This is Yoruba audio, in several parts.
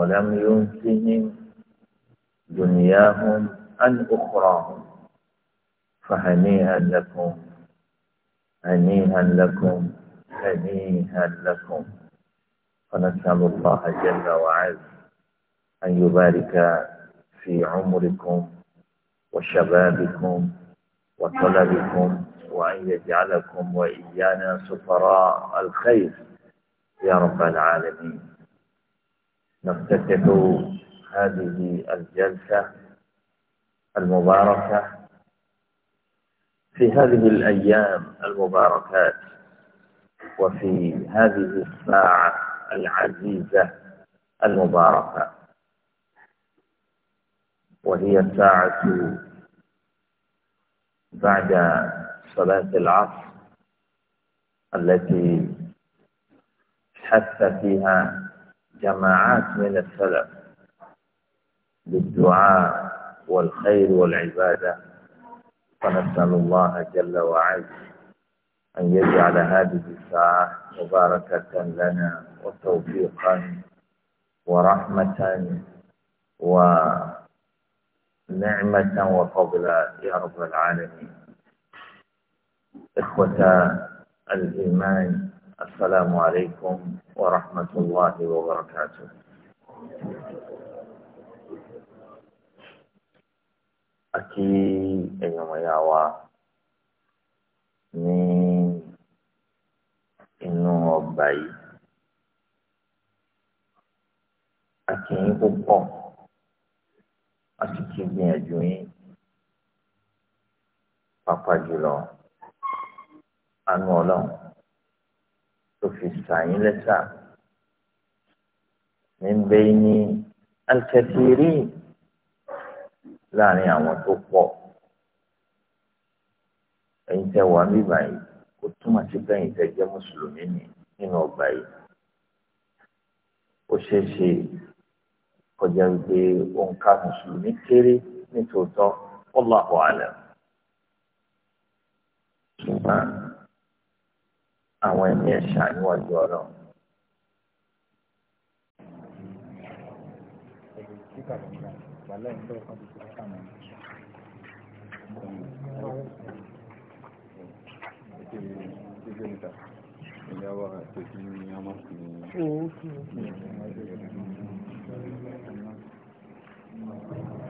ولم ينسهم دنياهم عن أخراهم فهنيئا لكم هنيئا لكم هنيئا لكم فنسأل الله جل وعز أن يبارك في عمركم وشبابكم وطلبكم وأن يجعلكم وإيانا سفراء الخير يا رب العالمين نفتتح هذه الجلسة المباركة في هذه الأيام المباركات وفي هذه الساعة العزيزة المباركة وهي الساعة بعد صلاة العصر التي حث فيها جماعات من السلف بالدعاء والخير والعبادة فنسأل الله جل وعز أن يجعل هذه الساعة مباركة لنا وتوفيقا ورحمة ونعمة وفضلا يا رب العالمين إخوة الإيمان السلام عليكم ورحمة الله وبركاته أكي أيما ياوا ní inú ọgbà yìí a kì í púpọ̀ a sì ti gbìyànjú yín pàápàá jùlọ àánú ọlọ́run tó fi sàyìn lẹ́sà ní bẹ́ẹ̀ ní alkẹ́tìrì láàrin àwọn tó pọ̀ ẹ̀yin tẹ́ wà ní báyìí kò túmọ̀ sí pé ẹ̀yin tẹ́ jẹ́ mùsùlùmí ni nínú ọgbà yìí ó ṣeé ṣe kọjá wípé òǹkà mùsùlùmí kéré nítòótọ́ Allahu alam ṣùgbọ́n àwọn ẹ̀mí ẹ̀ṣà níwájú ọlọ́run. Thank you.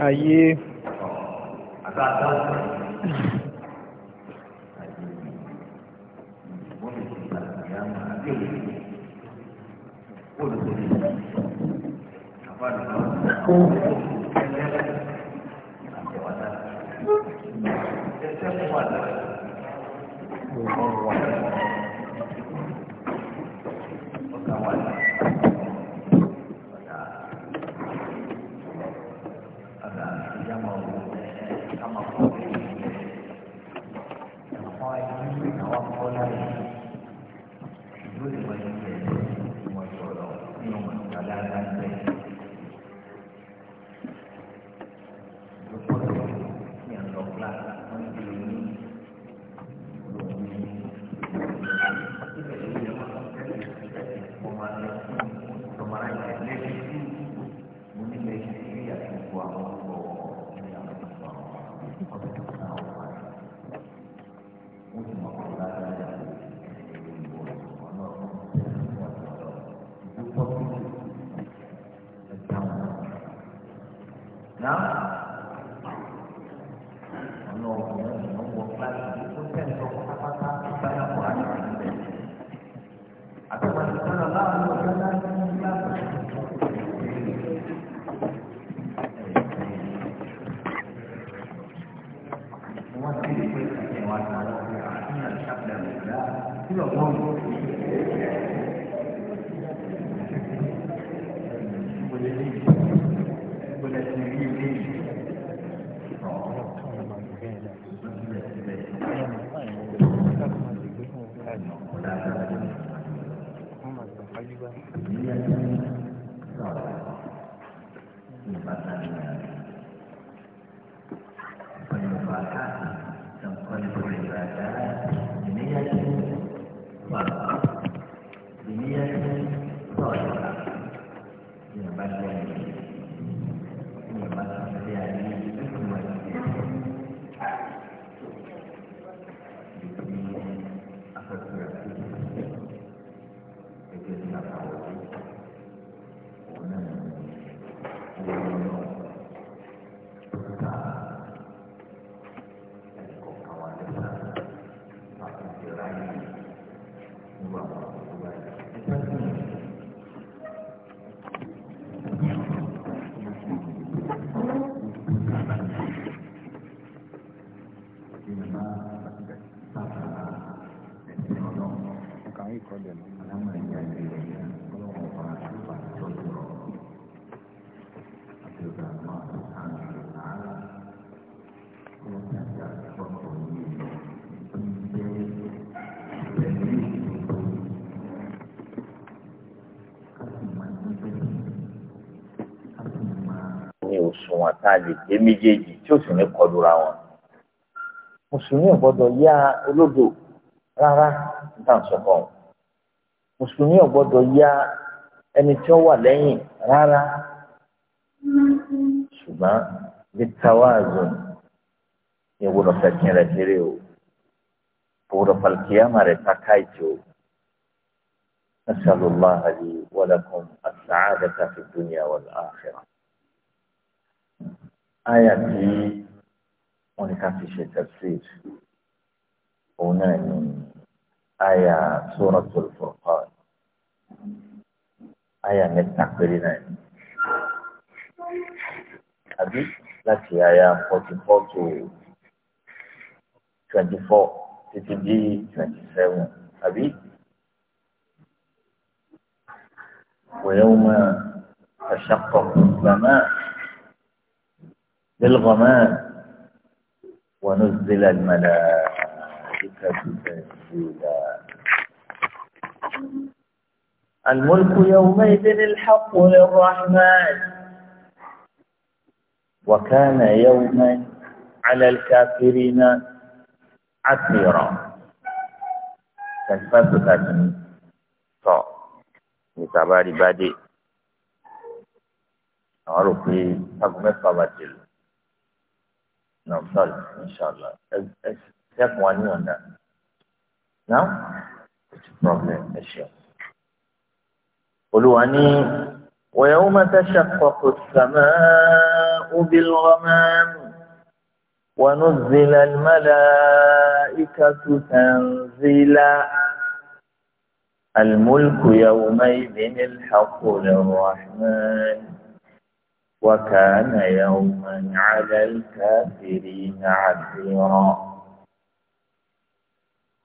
ayé Thank you. òṣùwọ̀n tá a lè gbé méjèèjì tí ó sì ní kọlura wọn. mùsùlùmí ò gbọ́dọ̀ yá olódò rárá níta ń sọkọ wọn mùsùlùmí ò gbọ́dọ̀ yá ẹni tí ó wà lẹ́yìn rárá ṣùgbọ́n bí tawaazu ni wúlò fẹkìn rẹ kéré o wúlò falkiyama rẹ takáìtì o. نسأل الله لي ولكم السعادة في الدنيا والآخرة àyà tí wọ́n ní ká fi ṣe tafsir òun náà ni àyà Suratul Furqan àyà mẹ́ta péré náà ni àbí láti àyà forty four to twenty four títí di twenty seven àbí. ويوم تشقق السماء للغمام ونزل الملائكة تنزيلا الملك يومئذ الحق للرحمن وكان يوما على الكافرين عسيرا كيف تكاتني طيب، صار نتابع عبادي أعرف في أغمى صباتي نعم صالح إن شاء الله اس one on that now it's a problem issue قلوا أني ويوم تشقق السماء بالغمام ونزل الملائكة تنزيلا الملك يومئذ الحق للرحمن وكان يوما على الكافرين عسيرا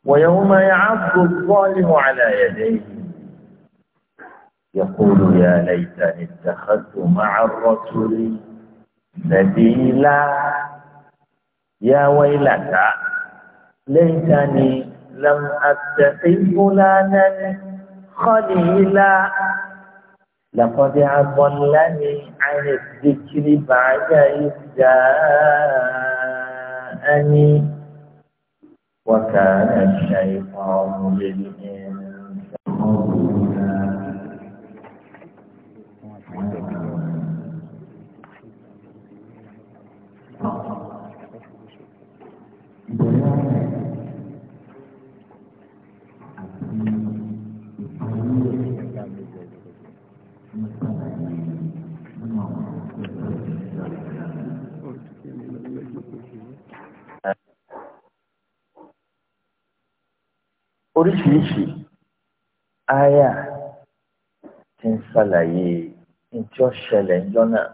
ويوم يعض الظالم على يديه يقول يا ليتني اتخذت مع الرسول سبيلا يا ويلتى ليتني لم اتخذ فلانا خليلا لقد أضلني عن الذكر بعد إذ جاءني وكان الشيطان للإنسان oríṣiríṣi áyà ti ń ṣàlàyé ntí ó ṣẹlẹ̀ ńjọ́ náà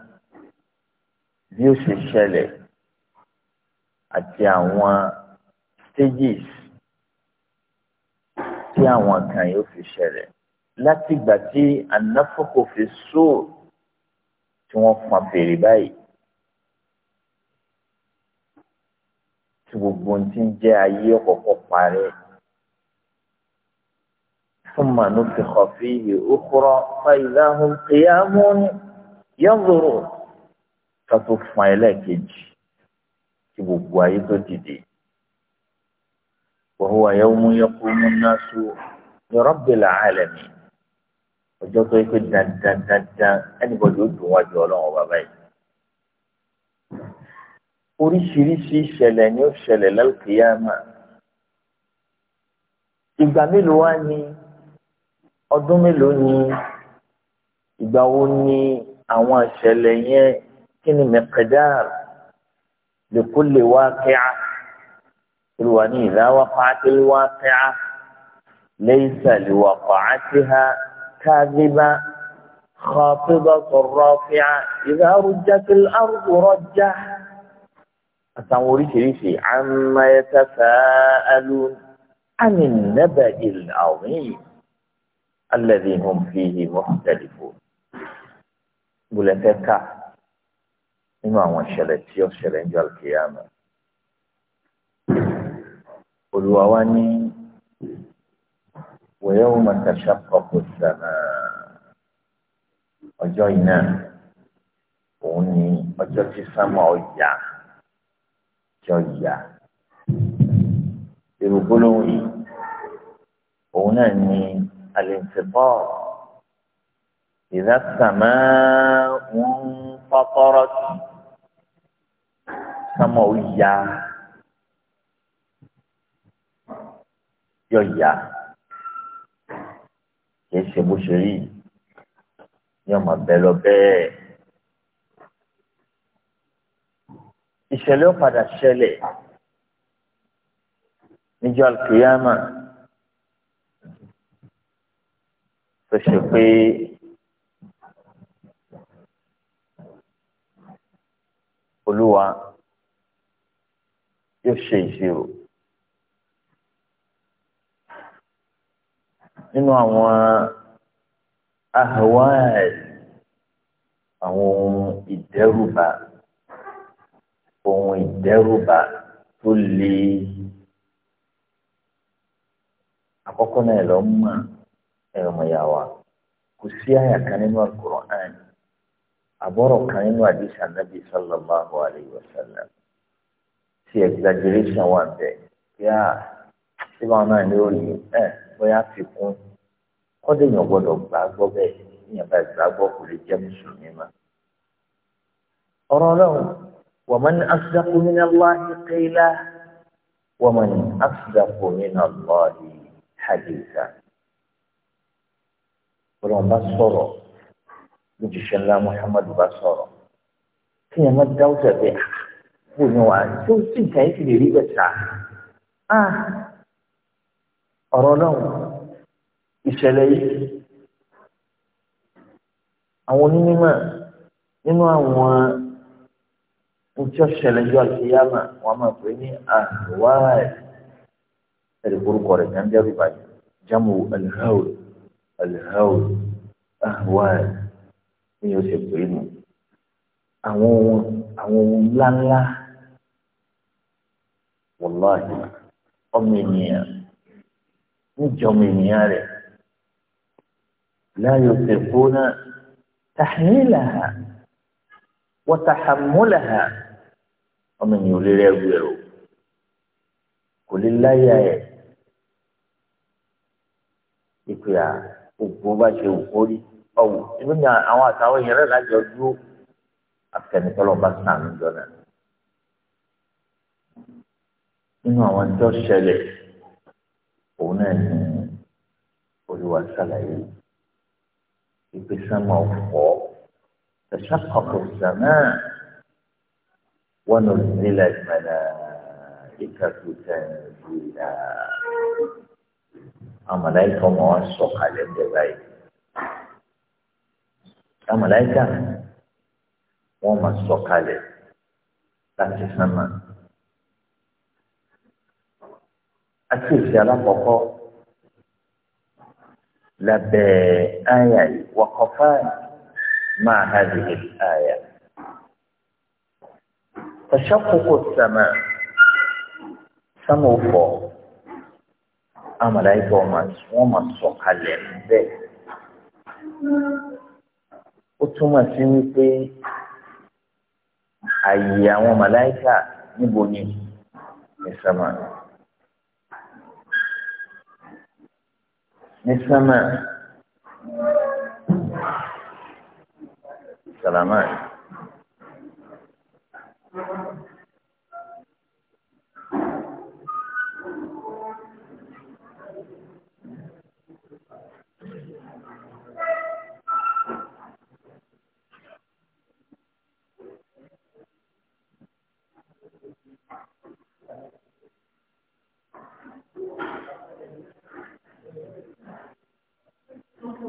bí ó ṣe ṣẹlẹ̀ àti àwọn stages tí àwọn kan yóò fi ṣẹlẹ̀ látìgbà tí anáfọ́kò fi sóò tí wọ́n fa fèrè báyìí tí gbogbo ohun tí ń jẹ́ ayé ọ̀kọ̀ọ̀kan parẹ́. ثم نفخ فيه أخرى فإذا هم قيام ينظرون فتوفى إليكج gbogbo ayé tó dìde وهو يوم يقوم الناس لرب العالمين ọjọ́ tó yẹ pé dandan dandan ẹnìbọdì ó dùn wájú Ọlọ́run ọba báyìí oríṣiríṣi ìṣẹ̀lẹ̀ ni ó ṣẹlẹ̀ lálùkìyàmà ìgbà mélòó wá ni ọdún mélòó ni ìgbà wo ni àwọn ìṣẹ̀lẹ̀ yẹn kí ni mẹ̀kẹ́dáàr li kulli waqi'a olùwà ní idha waqa'atil waqi'a laysa li waqa'atiha kadhiba khafidatu rafi'a idha rujjatil ardu rajja àtàwọn oríṣiríṣi amma yatafa'alun 'ani an-naba'i al-'azim alladhi hum fihi mukhtalifun bulẹ̀fẹ́ ká nínú àwọn ìṣẹ̀lẹ̀ tí ó ṣẹlẹ̀ ń jọ àlùkìyàmù olùwà wa ní wa yawma tashaqqaqu as-samaa ọjọ́ iná òun ni ọjọ́ tí sámà ọ̀yà jọ ìyá èrò gbólóhùn yìí òun náà ní. الانفطار إذا السماء انفطرت sánmọ̀ ó ya yọ ya kì í ṣe bó ṣe rí yọ mà bẹ́ẹ̀ lọ bẹ́ẹ̀. ìṣẹ̀lẹ̀ ó padà ṣẹlẹ̀ níjọ́ alkiyama. tó ṣe pé olúwa yóò ṣe ìṣirò nínú àwọn ahawai àwọn ohun ìdẹ́rùbà ohun ìdẹ́rùbà tó le àkọ́kọ́ náà lọ mọ̀ ẹ̀rọ mọ̀yàwá kò sí àyà kan nínú Al-Qur'an àbọ̀rọ̀ kan nínú àdìsí ànábì sallallahu alayhi wa sallam ti exaggeration wà bẹ́ẹ̀ kí á tí wọn náà ní òòlù ẹ bóyá fikún kọ́dé èèyàn gbọ́dọ̀ gbà gbọ́ bẹ́ẹ̀ èèyàn bá gbà gbọ́ kò lè jẹ́ mùsùlùmí mọ́. ọ̀rọ̀ ọlọ́run wa man asdaqu minallahi qila wa man ọlọ́run bá sọ̀rọ̀ lójúṣe ńlá muhammadu bá sọ̀rọ̀ kí ẹ má dá ọ̀sẹ̀ pé kò ah, ní wàá tó sì ń kàyé ti lè rí bẹ́ẹ̀ sá ah, ọ̀rọ̀ náà ìṣẹ̀lẹ̀ yìí àwọn onímọ̀ nínú àwọn ìjọsẹ̀lẹ̀ yọ àṣeyàmà wọn máa pè ní àwáàrẹ̀ ẹ̀rẹ̀ orúkọ rẹ̀ ní àbíyá rúbà jámù alhaul alhaul ahwal ní yóò ṣe pé nù àwọn ohun àwọn ohun ńláńlá wọláhì ọmọ ènìyàn níjọ ọmọ ènìyàn rẹ láyò tẹ̀kọ́ náà tàhílàhà wọ́tàhàmúlàhà ọmọ ènìyàn ò lè rẹ́ ẹrú o kò lè láyà ẹ̀ ìpè à gbogbo bá ṣe òkú rí ọwọ ibi ni àwọn àtàwọn èèyàn rẹ lájọ dúró àfẹnitọ́lọ́ bá sàánú jọ̀nà nínú àwọn tó ṣẹlẹ̀ òun náà ní olúwa ṣàlàyé ìgbésàmọ̀ ọ̀fọ́ ẹ̀ṣá kọ̀ọ̀kan sàmà wọn ò nílẹ̀ ìmọ̀lá ìkàkùtà ìlà. amalaika màláìkà wa sọ̀kalẹ̀ ń bẹ̀ báyìí àwọn màláìkà wọ́n máa sọ̀kalẹ̀ láti sama àti ìṣe alákọ̀ọ́kọ́ lábẹ́ àyà yìí wọ́kọ̀fà ma ha di àyà. تشقق sama سمو فوق àmàlàyíkà wọ́n máa sọ̀kalẹ̀ bẹ́ẹ̀. ó túmọ̀ sí wípé àyè àwọn màláìkà níbo ni ní sámà ní sàlámà.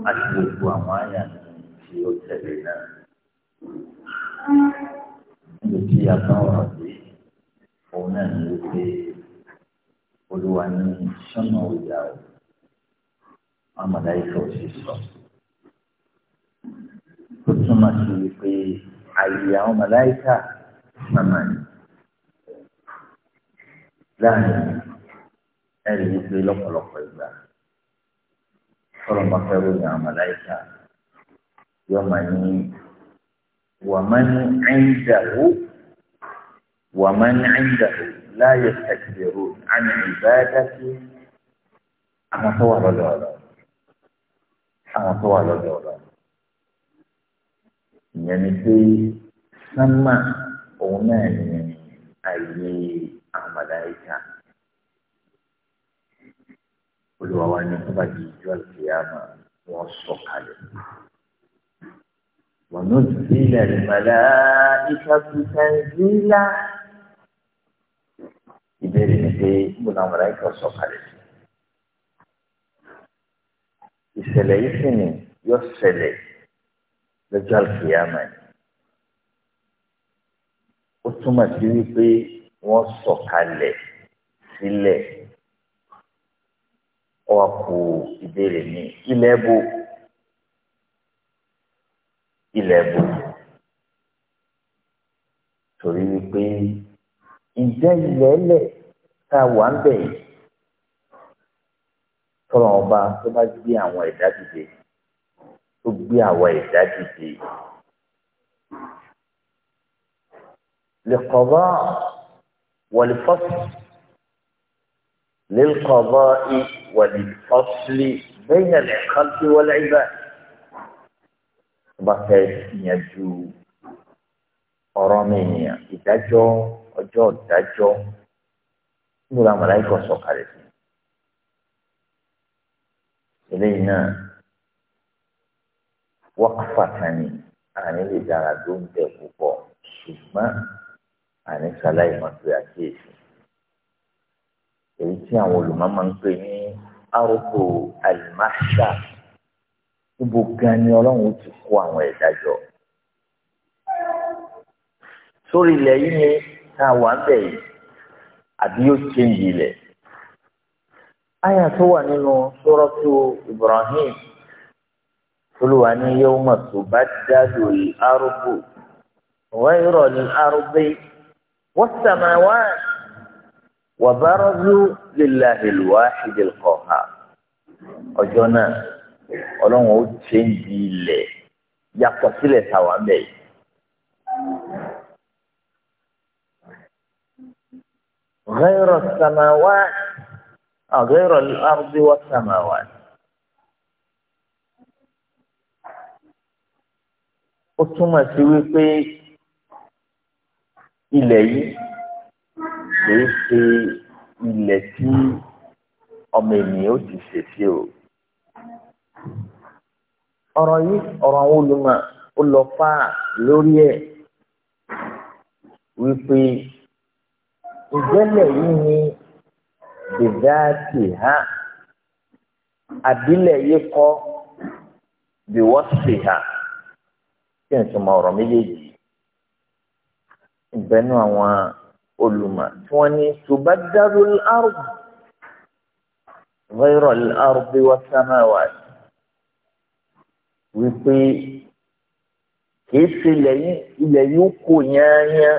àti gbogbo àwọn àyà tí ó tẹ̀lé náà. níbi tí a bá wà pé òun náà ní wípé olúwa ní sọ́nà ọ̀yà o amọ̀dáyìí tó ti sọ. ó túmọ̀ sí wípé àyè àwọn màláìkà màmá ni láàrin ẹ̀rí wípé lọ́pọ̀lọpọ̀ ìgbà kọ́lọ̀ bá fẹ́ ròyìn àwọn màláìka yọ mà ní wàmán ẹ̀ńdàwó wàmán ẹ̀ńdàwó láyé ẹ̀kẹ́dẹ̀rò àmì ìbáyàdáṣe àwọn tó wà lọ́dọ̀ ọ̀rọ̀ àwọn tó wà lọ́dọ̀ ọ̀rọ̀ ìyẹn ni pé sánmà òun náà ní àyè àwọn màláìka olùwà wa ni tó bá di ìjọ àlùkìyàmà wọn sọ kalẹ̀. wọn ò sí ilẹ̀ ìmọ̀lá ìṣàkóso ìlà. ìbéèrè ni pé mo náà mọ̀ra ìkọ̀ sọ kalẹ̀ ìṣẹ̀lẹ̀ yìí sì ni yóò ṣẹlẹ̀ lọ́jọ́ àlùkìyàmà yìí. ó túmọ̀ sí wípé wọ́n sọ kalẹ̀ sílẹ̀. Si ọwọ́ kù ìbéèrè mi ilẹ̀ bo ilẹ̀ bo torí wípé ìjẹ́ ilẹ̀ lẹ̀ tá a wà ń bẹ̀ yìí tọ́lọ̀ ọba tó bá gbé àwọn ẹ̀dá dìde tó gbé àwọn ẹ̀dá dìde lè kọ́ bá wọlé fọ́sùn. للقضاء وللفصل بين العقاب والعباد بقي يجو أرامينيا إتاجو أجو إتاجو نورا ملايكو سوكاريسي إلينا وقفة àní lè dára tó ń bẹ̀ púpọ̀ ṣùgbọ́n àní sáláì mọ̀ pé àkíyèsí èyí tí àwọn olùmọ̀ máa ń pè ní arúgbó alimáṣá gbogbo gan ni ọlọ́run ti kó àwọn ẹ̀dá jọ sórí ilẹ̀ yìí ni tá a wà bẹ̀ yìí àbí yóò ṣéǹdì ilẹ̀ àyà tó wà nínú sọ́rọ́tù Ibrahim olùwà ní yawma tubaddalu al-ardu ghayra al-ardi was-samawati wàbárọ́zù lillahi al-wahid al-qahhar ọjọ́ náà ọlọ́run ó ṣe ń di ilẹ̀ yàtọ̀ sílẹ̀ táwa mẹ́yì. غير السماوات غير الأرض والسماوات ó túmọ̀ sí wípé kìí ṣe ilẹ̀ tí ọmọ ènìyàn ó ti ṣèṣe o. ọ̀rọ̀ yìí ọ̀rọ̀ àwọn olùmọ̀ ó lọ fà lórí ẹ̀ wípé ìjẹ́lẹ̀ yìí ni bìdáàtì ha àbílẹ̀ yìí kọ́ bìwọ́sì ha kí n sọ ma ọ̀rọ̀ méjèèjì ìbẹ́nu àwọn olùmọ̀ tí wọ́n ní tubaddalu al-ard ghayra al-ardi was-samawat wípé kìí ṣe ilẹ̀ yìí ilẹ̀ yìí kò yányá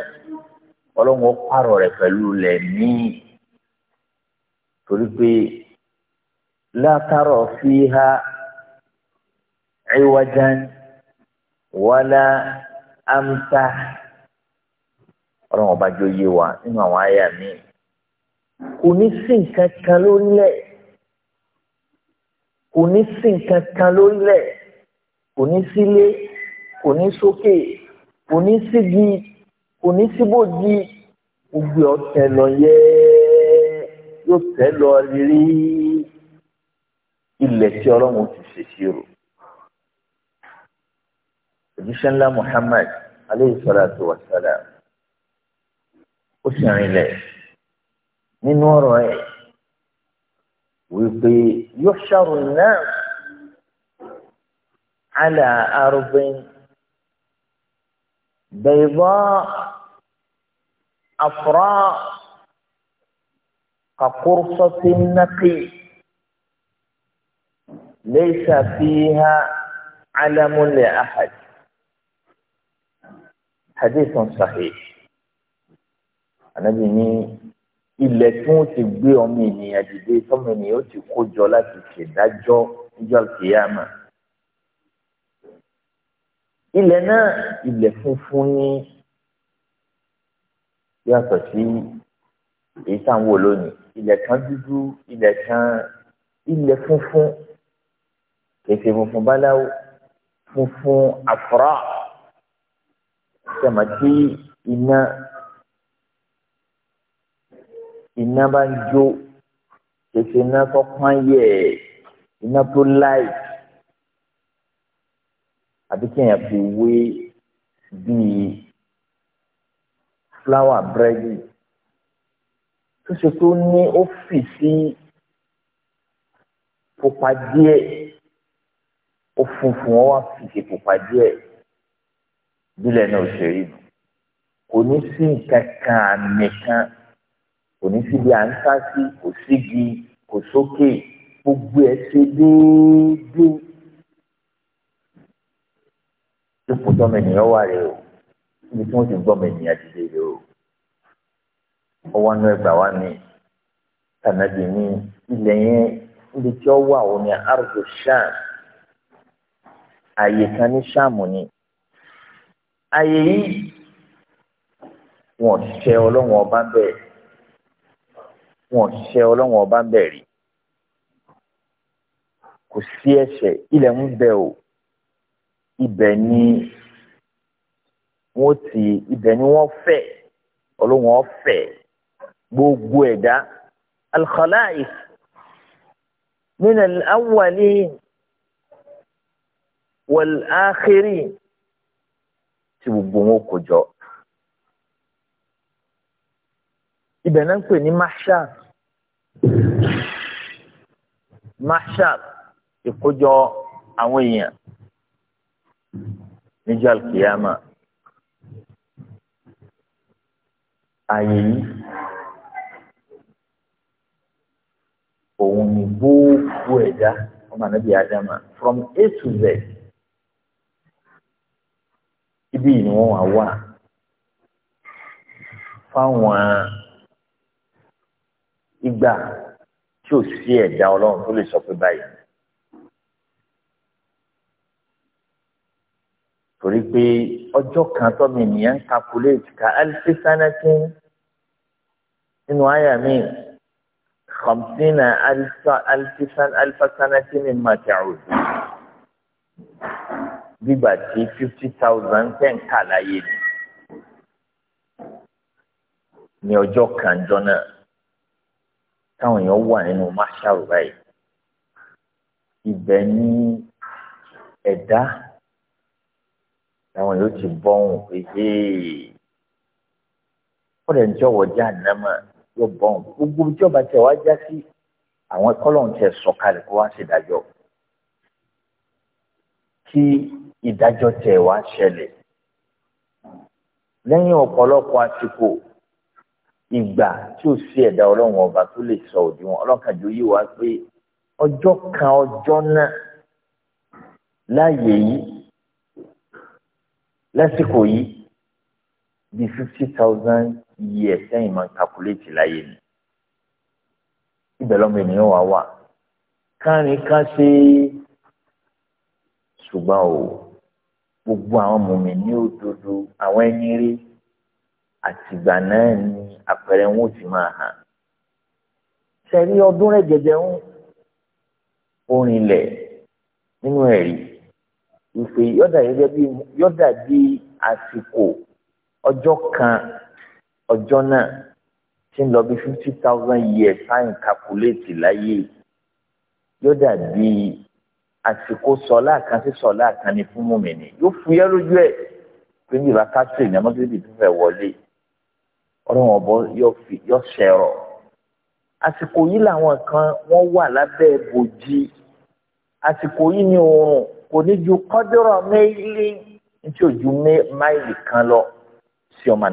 ọlọ́run pààrọ̀ rẹ̀ pẹ̀lú ilẹ̀ míì torí pé la tara fiha iwajan wala amta ọlọ́run ọba jó yé wa nínú àwọn àyà míì kò ní sí nǹkan kan lórílẹ̀ kò ní sí nǹkan kan lórílẹ̀ kò ní sílé kò ní sókè kò ní sígi kò ní síbòjì gbogbo ọ̀tẹ̀ lọ yẹ yóò tẹ̀ lọ rírí ilẹ̀ tí ọlọ́run ti ṣèṣe rò òjíṣẹ́ ńlá Muhammad aleyhi salatu wa salam. اسمع إليه من ورائه ويحشر الناس على أرض بيضاء أفراء كقرصة نقي ليس فيها علم لأحد حديث صحيح ànábì ní ilẹ̀ tí wọ́n ti gbé ọmọ ènìyàn dìde sọ́mọ ènìyàn ó ti kó jọ láti ṣèdájọ́ níjọ́ kìíyàmà ilẹ̀ náà ilẹ̀ funfun ní yàtọ̀ sí èyí tá à ń wò lónìí ilẹ̀ kan dúdú ilẹ̀ kan ilẹ̀ funfun kèsè funfun báláwo funfun àfúrà sẹ̀mọ̀tì iná iná bá ń jó kèsì iná tó pọ́n yẹ iná tó láì àbí kéèyàn fi wé bíi fúláwà búrẹ́dì tó ṣe tó ní ó fì sí pupa díẹ̀ ó funfun ó wá fì sí pupa díẹ̀ bílẹ̀ náà ṣe rí kò ní sí nǹkan kan àmì kò ní síbi à ń sá sí kò sígi kò sókè gbogbo ẹ̀ ṣe déédéé ipò tọ́mọ ènìyàn wà rẹ o ibi tí wọ́n ti gbọ́mọ ènìyàn ti dé rẹ o ọwọ́ inú ẹgbà wa ni tànàbí ní ilẹ̀ yẹn níbi tí ó wà òun ni arúgbó sham àyè kan ní sham ni àyè yìí wọn ṣe ọlọ́wọ́n ọba bẹ́ẹ̀ wọn ṣẹ ọlọ́wọ́n ọba ń bẹ̀ rí kò sí ẹ̀ṣẹ̀ ilẹ̀ ń bẹ o ibẹ̀ ni wọ́n ti ibẹ̀ ni wọ́n fẹ́ ọlọ́wọ́n fẹ́ gbogbo ẹ̀dá al-khalaiq min al-awwalin tí gbogbo wọn kò jọ. ibẹ̀ náà ń pè ní mahshar mahshar ìkójọ àwọn èèyàn níjọ́ alkiyama ààyè yìí òun ni gbogbo ẹ̀dá ọmọ ànábì adama from a to z ibi yìí ni wà fáwọn ìgbà tí ò sí ẹ̀dá ọlọ́run tó lè sọ pé báyìí. torí pé ọjọ́ kan tọ́mi ènìyàn ń calculate ka alifi sanatin nínú àyà mi khamsina alifa sanatin ni màtàrún gbígbà tí fifty thousand ten kà láyé ni ní ọjọ́ kan jọ náà táwọn èèyàn wà nínú máṣáàrù báyìí ibẹ̀ ní ẹ̀dá táwọn yóò ti bọ́hùn pé yéè kọ́dẹ̀ ní ọ̀wọ́ já nàmà yóò bọ́hùn gbogbo ìjọba tẹ wá já sí àwọn kọ́lọ́hún tẹ sọ̀kalẹ̀ kó wá ṣèdájọ́ kí ìdájọ́ tẹ wá ṣẹlẹ̀ lẹ́yìn ọ̀pọ̀lọpọ̀ àsìkò ìgbà tí ò sí ẹ̀dá ọlọ́run ọba tó lè sọ òdiwọ̀n ọlọ́kàjọ yìí wá pé ọjọ́ kan ọjọ́ náà láàyè yìí lásìkò yìí bíi fifty thousand years sẹ́yìn máa ń calculate láyé ni ibẹ̀ lọ́mọ ènìyàn wà wà kárin ká ṣe ṣùgbọ́n o gbogbo àwọn mọ̀mí ní òdodo àwọn ẹni rí àtìgbà náà ni àpẹẹrẹ wọn ò ti máa hàn sẹ́rí ọdún rẹ̀ jẹjẹ ń orin lẹ̀ nínú ẹ̀rí ìfè yọ̀dà gẹ́gẹ́ bí yọ̀dà bí àsìkò ọjọ́ kan ọjọ́ náà ti ń lọ bí fifty thousand years sáyìn calculate láyé yọ̀dà bí àsìkò sọ̀lá kan sí sọ̀lá kan ní fún ni yóò fúyẹ́ lójú ẹ̀ pé níbi bá kásìrì ní ọmọdé bíi fẹ́ wọlé ọlọ́wọ́n ọ̀bọ yọ a àsìkò yìí làwọn kan wọ́n wà lábẹ́ bòjì àsìkò yìí ni oòrùn kò ní ju kọ́dọ̀rọ̀ méìlì tí ò máìlì kan lọ sí ọmọ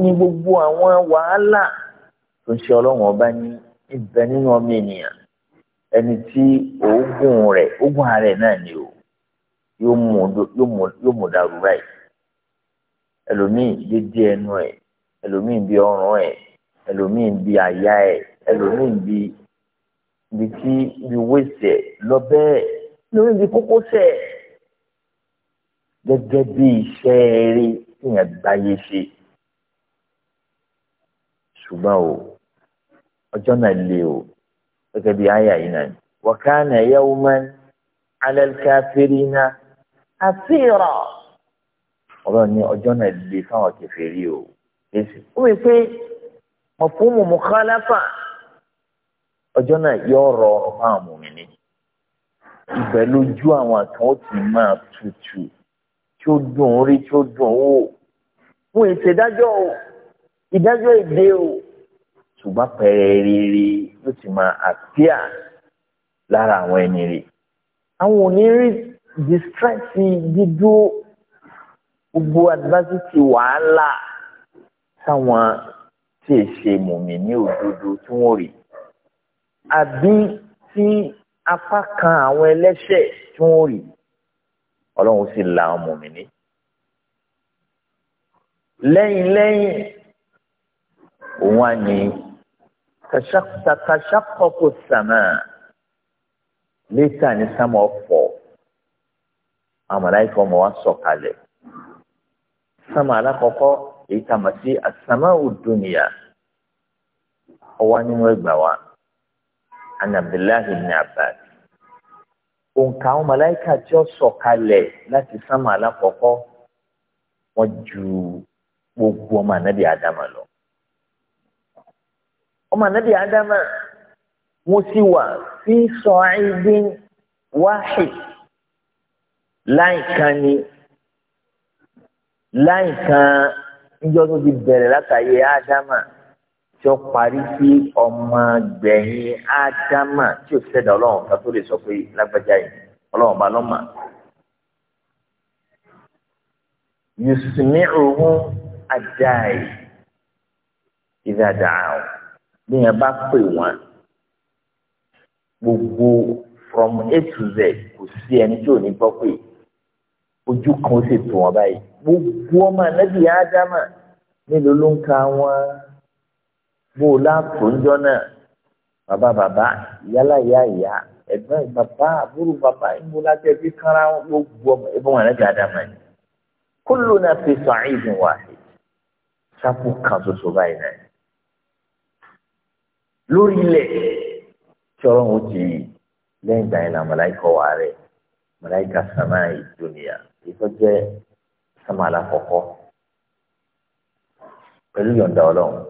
ni gbogbo àwọn wàhálà tó ń ṣe ènìyàn ẹni tí oògùn rẹ̀ náà ni o yóò mú ẹlòmíì dédé ẹnu ẹ̀ ẹlòmíì bí ọrùn ẹ̀ ẹlòmíì bí àyà ẹ̀ ẹlòmíì bí ibi tí ibi wẹsẹ lọbẹ ẹlòmíì bí kókósẹ̀ gẹ́gẹ́ bí iṣẹ́ eré tíyẹn gbáyé ṣe ṣùgbọ́n o ọjọ́ náà le o gẹ́gẹ́ bí àyà yìí náà wa kana yawman 'ala al-kafirina 'asira ọlọ́run ní ọjọ́ náà le fáwọn kèfèrí o èsì ó wí pé mọ̀fúnmù mọ̀kálàfà ọjọ́ náà yọ ọ̀rọ̀ fáwọn mùmíní ibẹ̀ lójú àwọn kan ó ti máa tutù tí ó dùn ún rí tí ó dùn ún wò fún ìṣèdájọ́ o ìdájọ́ èdè o ṣùgbọ́n pẹ̀rẹ̀ ló ti máa àpíà lára àwọn ẹni rè àwọn ò ní rí distress dídúró gbogbo adivasiti wàhálà táwọn tí ì ṣe mùmí ní òdodo tí wọ́n rí àbí tí apá kan àwọn ẹlẹ́ṣẹ̀ tí wọ́n rí ọlọ́run sì la àwọn mùmí ní. lẹ́yìn lẹ́yìn òun á ní kàṣàkókò sàmà lẹ́tà ní sàmà ọ̀fọ̀ àmàlà ìfọ̀mọ̀ wa sọ̀kalẹ̀. So sánmà alákọ̀ọ́kọ́ èyí tá a mọ̀ sí àsámà òdùnìyà ọwọ́ nínú ẹgbà wa an Abdullahi ibn Abbas òǹkà àwọn màláìka tí ó sọ̀kalẹ̀ láti sánmà alákọ̀ọ́kọ́ wọ́n ju gbogbo ọmọ ànábì Ádámà lọ ọmọ ànábì Ádámà wọ́n sì wà fi sa'idin wahid láìka ni láì kan níjọ́ tó ti bẹ̀rẹ̀ látàyè ádámà tí ó parí sí ọmọ gbẹ̀yìn ádámà tí ó ṣẹ̀dá ọlọ́run ká tó lè sọ pé lágbájá yìí ọlọ́run bá lọ́mà. yusmi'uhu ad-da'i idha da'ahu bí yẹn bá pè wọ́n gbogbo from a to z kò sí ẹni tí ò ní gbọ́ pé ojú kan ó sì tó wọn báyìí gbogbo ọmọ ànábì ádámà mélòó ló ń ka wọn bó o látòójọ náà bàbá bàbá yálà ìyá ìyá ẹ̀gbọ́n bàbá àbúrò bàbá ìmú láti ẹbí kára wọn gbogbo ọmọ ẹbí wọn ànábì ádámà ni kulluna fi sa'idin wahid sáfù kan ṣoṣo báyìí náà lórí ilẹ̀ tí ọlọ́run ó ti lẹ́yìn ìgbà yẹn náà màláìkọ̀ wà rẹ̀ màláìkà sàmáà ìdúnìyà ìfọ́jẹ́ sánmà alákọ̀ọ́kọ́ pẹ̀lú yọ̀ǹda ọlọ́run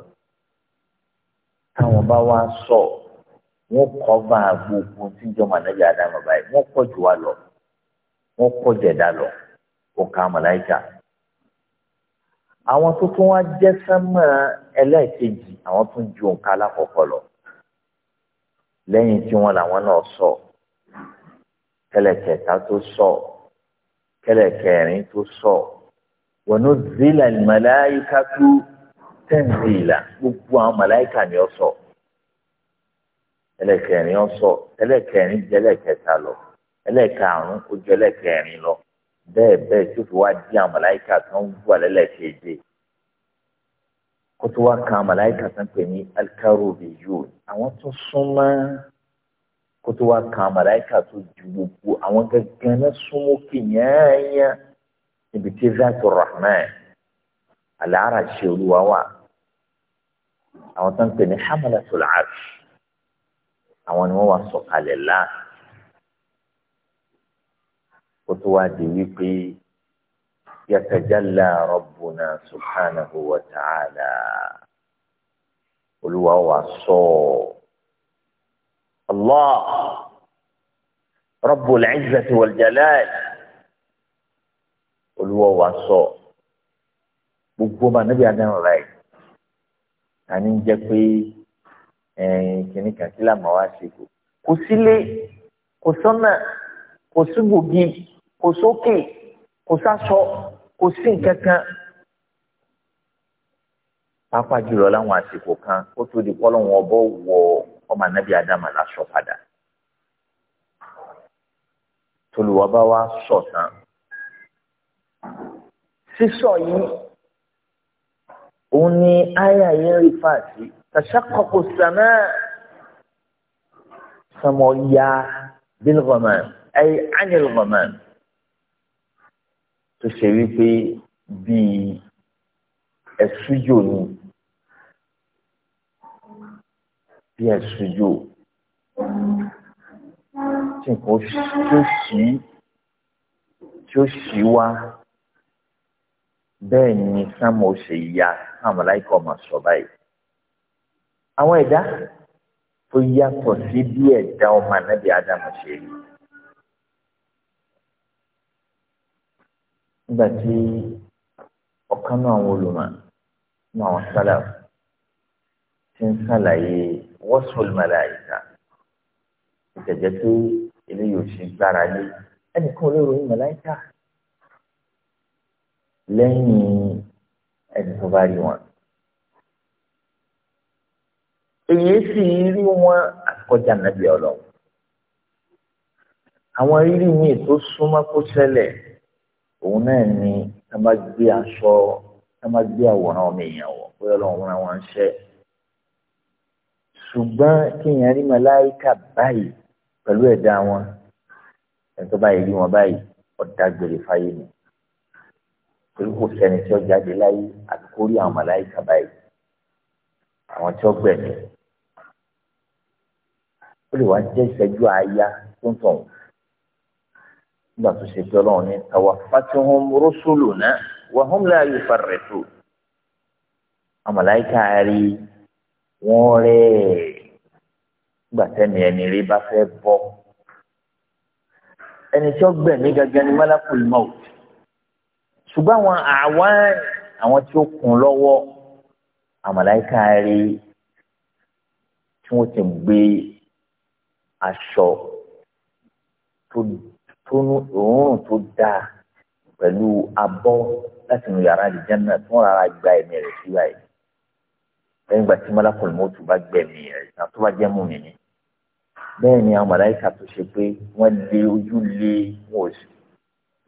táwọn bá wá sọ wọn kọ́ bá gbogbo tí jọmọ anájà àdámọ̀ báyìí wọn pọ̀ jù wá lọ wọn pọ̀ jẹ̀dá lọ òkà màláìkà àwọn tó tún wá jẹ́ sánmà ẹlẹ́ẹ̀kejì àwọn tún ju òǹkà alákọ̀ọ́kọ́ lọ lẹ́yìn tí wọ́n làwọn náà sọ kẹlẹ̀kẹta tó sọ kẹlẹ̀kẹrin tó sọ. So wọnú zila màláyíká tó tẹ̀síìlà gbogbo àwọn màláyíká ni ó sọ ẹlẹ́kẹ̀rin ó sọ ẹlẹ́kẹ̀rin jẹ́ ẹlẹ́kẹta lọ ẹlẹ́karùn-ún ó jẹ́ ẹlẹ́kẹrin lọ bẹ́ẹ̀ bẹ́ẹ̀ tó fi wá di àwọn màláyíká tó ń wà lẹ́lẹ́kẹ̀ẹ́dẹ́ kótó wá kan màláyíká tó ń pè ní alikarobi yóò àwọn tó súnmọ́ kótó wá kan màláyíká tó ju gbogbo àwọn gẹ́gẹ́ náà súnmọ́ kìnyẹ́ẹ́yẹ́ níbi tí zayt rahman alára ṣe olúwa wà àwọn tó ń pè ní hamalatul arsh àwọn ni wọ́n wá sọ̀kalẹ̀ láàrin kó tó wá di wípé yatajalla rabbuna subhanahu wa ta'ala olúwa wà sọ allah rabbul izzati wal jalal. wọ wàsọ gbogbo ọmọ anabi adam right àní jẹ pé kìnnì kan kí làmà wá sí kò kò sílé kò sọ́nà kò sí kò sókè kò sásọ kò sí kan jùlọ kan ó tó di pọ́lọ́ wọn wọ ọmọ anabi adam padà sọ sísọ yìí òun ni àyà yẹn rí fàásì tashaqqaqu samaa samọ̀yà bil ghamam ay anil ghamam tó ṣe wípé bíi ẹ̀sùjò ni bí ẹ̀sùjò tí nǹkan tí ó ṣì tí ó ṣì wá bẹ́ẹ̀ ni sámà ó ṣe ya sámà láìka ọmọ sọ báyìí àwọn ẹ̀dá tó yàtọ̀ sí bí ẹ̀dá ọmọ anábì ádámù ṣe rí nígbà tí ọ̀kan náà àwọn olùmọ̀ náà àwọn sálàfù ti ń sàlàyé wọ́sùn màláìka ìtẹ̀jẹ́ pé eléyìí ò ṣe gbára lé ẹnìkan olóró ní màláìka lẹ́yìn ẹni tó bá rí wọn. èyí sì rí wọn àkọjá nàbí ọlọ àwọn rírí míì tó súnmọ́ kó ṣẹlẹ̀ òun náà ni tá a bá gbé aṣọ tá a bá gbé àwòrán ọmọ èèyàn wọ̀ pé ọlọ́run ra wọn ń ṣe ṣùgbọ́n kéèyàn rí màláìka báyìí pẹ̀lú ẹ̀dá wọn ẹni tó báyìí rí wọn báyìí ọ̀dà gbèrè fáyé ni torí kò sẹ́ni tí ó jáde láyé àti kó rí àwọn màláìka báyìí àwọn tí ó gbẹ̀mí ó lè wá jẹ́ ìṣẹ́jú àáyá tó ń tàn nígbà tó ṣe pé ọlọ́run ní tawaffatuhum rusuluna wa hum la yufarritun àwọn màláìka rí wọ́n rẹ̀ nígbà tẹ́ni ẹni rí bá fẹ́ bọ́ ẹni tí ó gbẹ̀mí gangan ni malakul maut ṣùgbọ́n àwọn àwọn àwọn tí ó kún lọ́wọ́ àmàláìka rí tí wọ́n ti gbé aṣọ tó òórùn tó dáa pẹ̀lú abọ́ láti inú yàrá àlìjánná tí wọ́n rárá gba ẹ̀mí rẹ̀ sí báyìí lẹ́yìn ìgbà tí mọ́lákùnrin mọ́tò bá gbẹ̀mí rẹ̀ tó bá jẹ́ mú mi ní bẹ́ẹ̀ ni àwọn màláìka tó ṣe pé wọ́n lé ojú lé wọn ò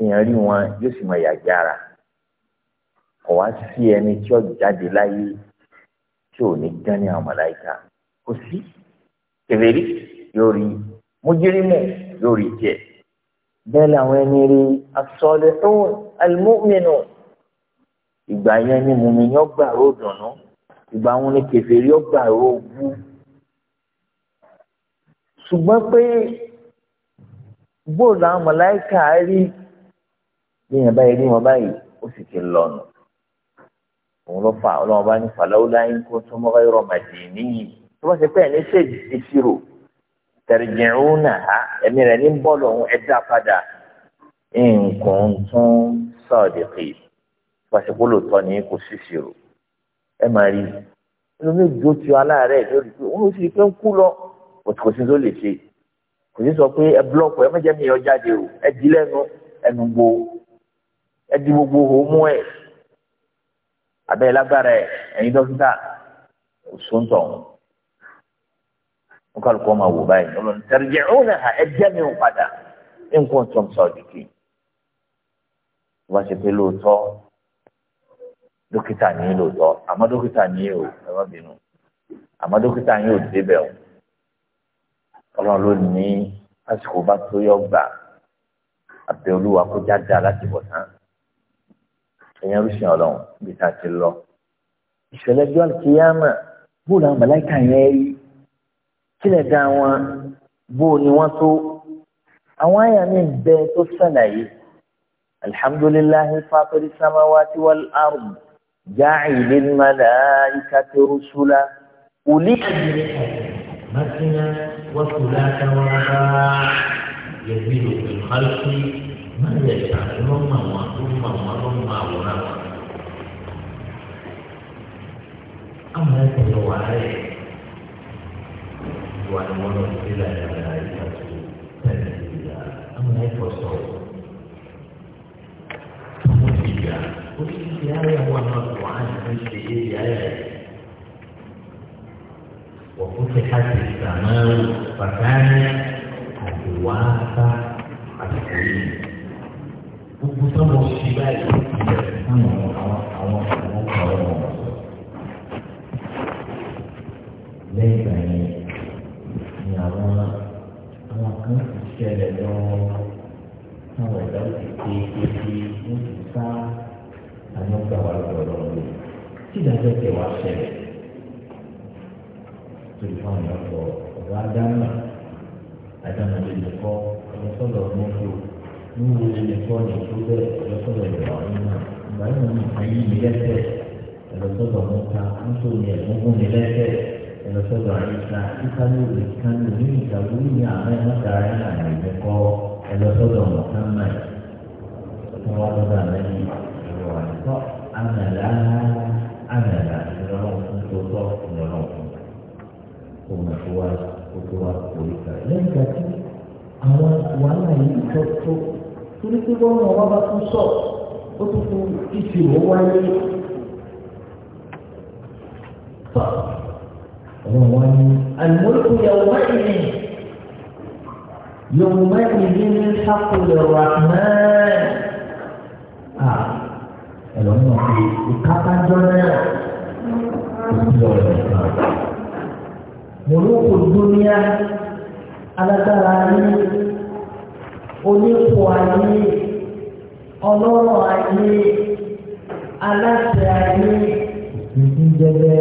èèyàn rí wọn yóò sì mọ ìyàgbé ara kò wá sí ẹni tí ó jáde láyé tí ò ní gán ní àwọn màláíkà kò sí kèfèrí yóò rí mujirimu yóò rí tiẹ̀ bẹ́ẹ̀ làwọn ẹni rí as-salihun al ìgbà yẹn ni mùmíní ọgbà ró dùnú ìgbà wọn ni kèfèrí ọgbà ró wú ṣùgbọ́n pé bóòlù àwọn màláíkà rí léèyàn báyìí rí wọn báyìí ó sì ti lọ́nà òun ló fa ọlọ́run bá ní fàlàwùlá yín kó tó mọ́ra yọrọ màdìní yìí tó bá ṣe pé ẹni ṣe ìṣirò tẹ̀rẹ̀jẹ̀rún náà ẹ̀mí rẹ̀ ní bọ́ọ̀lù ọ̀hún ẹ̀dá padà nǹkan tún sọ̀dẹ̀kì tó bá ṣe pé lóòótọ́ ni kò sí ìṣirò ẹ máa rí inú mi jó ti aláàárẹ̀ lórí pé òun sì pé kú lọ kò sí tó lè ṣe kò sí sọ pé ẹ búlọ́ọ̀kù ẹ má jẹ́ mi yọ jáde o ẹ di ẹnu gbòó ẹdi gbogbo hò mú ẹ abẹ́ lágbára ẹ ẹ̀yin dókítà òṣùntọ̀ wọn kọ́ àlùkò máa wò báyìí ọlọ́run tẹ̀rẹ̀jẹ̀ òun náà ẹ̀jẹ̀ mi ò padà nǹkan tó ń sọ òdìkì wọ́n ṣe pé lóòótọ́ dókítà ní lóòótọ́ àmọ́ dókítà o ẹ̀rọ bínú àmọ́ dókítà ní o débẹ̀ o ọlọ́run ló ní àsìkò bá tó yọ gbà àbẹ̀ olúwa kó jáde aláti bọ̀ ẹ̀yàn rúṣin ọlọ́run bí tá a ti lọ. ìṣẹ̀lẹ̀ jọ́ kíyámà bó làwọn màláíkà yẹn rí kílẹ̀ dá wọn bó ni wọ́n tó. àwọn àyà mi bẹ tó sàlàyé alhamdulillahi fatiri samawati wal ard ja'ilil malaikati rusula uli. مثنى وثلاث ورباع يزيد في الخلق ìmọ̀lẹ̀ ìta lọ́mọ àwọn tó mọ àwọn lọ́mọ àwòrán wọn. àwọn ẹgbẹ́ lọ wà rẹ̀ wà ní wọn lọ sí láyé láyé ìtàkùn tẹ̀lé ìyá àwọn ẹgbẹ́ sọ àwọn ìyá oríṣiríṣi ayé wà náà wà á ní oríṣiríṣi ayé ayé. وفتحت السماء فكانت أبواب الحليم gbogbo tó lọ sí báyìí fún àwọn àwọn àwọn àwọn àwọn ọmọ lẹ́yìn ìgbà yẹn ni àwọn àwọn kan ti ṣẹlẹ̀ lọ táwọn ẹ̀dá ti pé pépé ó ti sá àwọn ọgbà wà lọ́dọ̀ lọ́dọ̀ tí ìdájọ́ tẹ̀ wá ṣẹlẹ̀ tó lè fáwọn ọ̀dọ́ ọ̀dọ́ adámà adámà lè lè kọ́ ọ̀dọ́ sọ̀rọ̀ ọ̀dọ́ wíwo ẹ̀fọ́ ẹ̀fọ́ bẹ́ẹ̀ ẹ̀fọ́ ẹ̀fọ́ ọ̀nà ìgbà yóò ní ayé mi lẹ́sẹ̀ ẹ̀lọ́sọ̀dọ̀ mọ́ta nítorí ní ẹ̀gbọ́n mi lẹ́sẹ̀ ẹ̀lọ́sọ̀dọ̀ àyíká kíkà lóore kan ní òní ìgbà wúlò ní àmọ́ ẹ̀mọ́ dára ní àná ìgbẹ́kọ́ ẹ̀lọ́sọ̀dọ̀ mọ́ta mọ́ ẹ̀ ọ̀tún wá lọ́dọ̀ àlẹ́yìn ìrọ̀ àìsọ́ àmàlà àmàlà ìrọ̀lọ́ fún tó tọ́ ìrọ̀lọ́ fún kò mọ̀ tó wá kó tó wá kórìíkà lẹ́yìn ìgbà tí àwọn wàhálà yìí tó tó torí pé wọ́n mọ̀ wọ́n bá tún sọ̀ ó tún fún ìṣirò wáyé. ọ̀rọ̀ wọn ni àlùmọ́lùkù yàwó máyì ni yàwó máyì ni ní sàkóyè rahman ẹ̀rọ náà fi ìkápájọ́ náà òbí ọ̀rọ̀ náà. mọ̀lùkù dúnìá alágbára yìí onípò ayé ọlọ́rọ̀ ayé aláṣẹ ayé ìdíjẹbẹ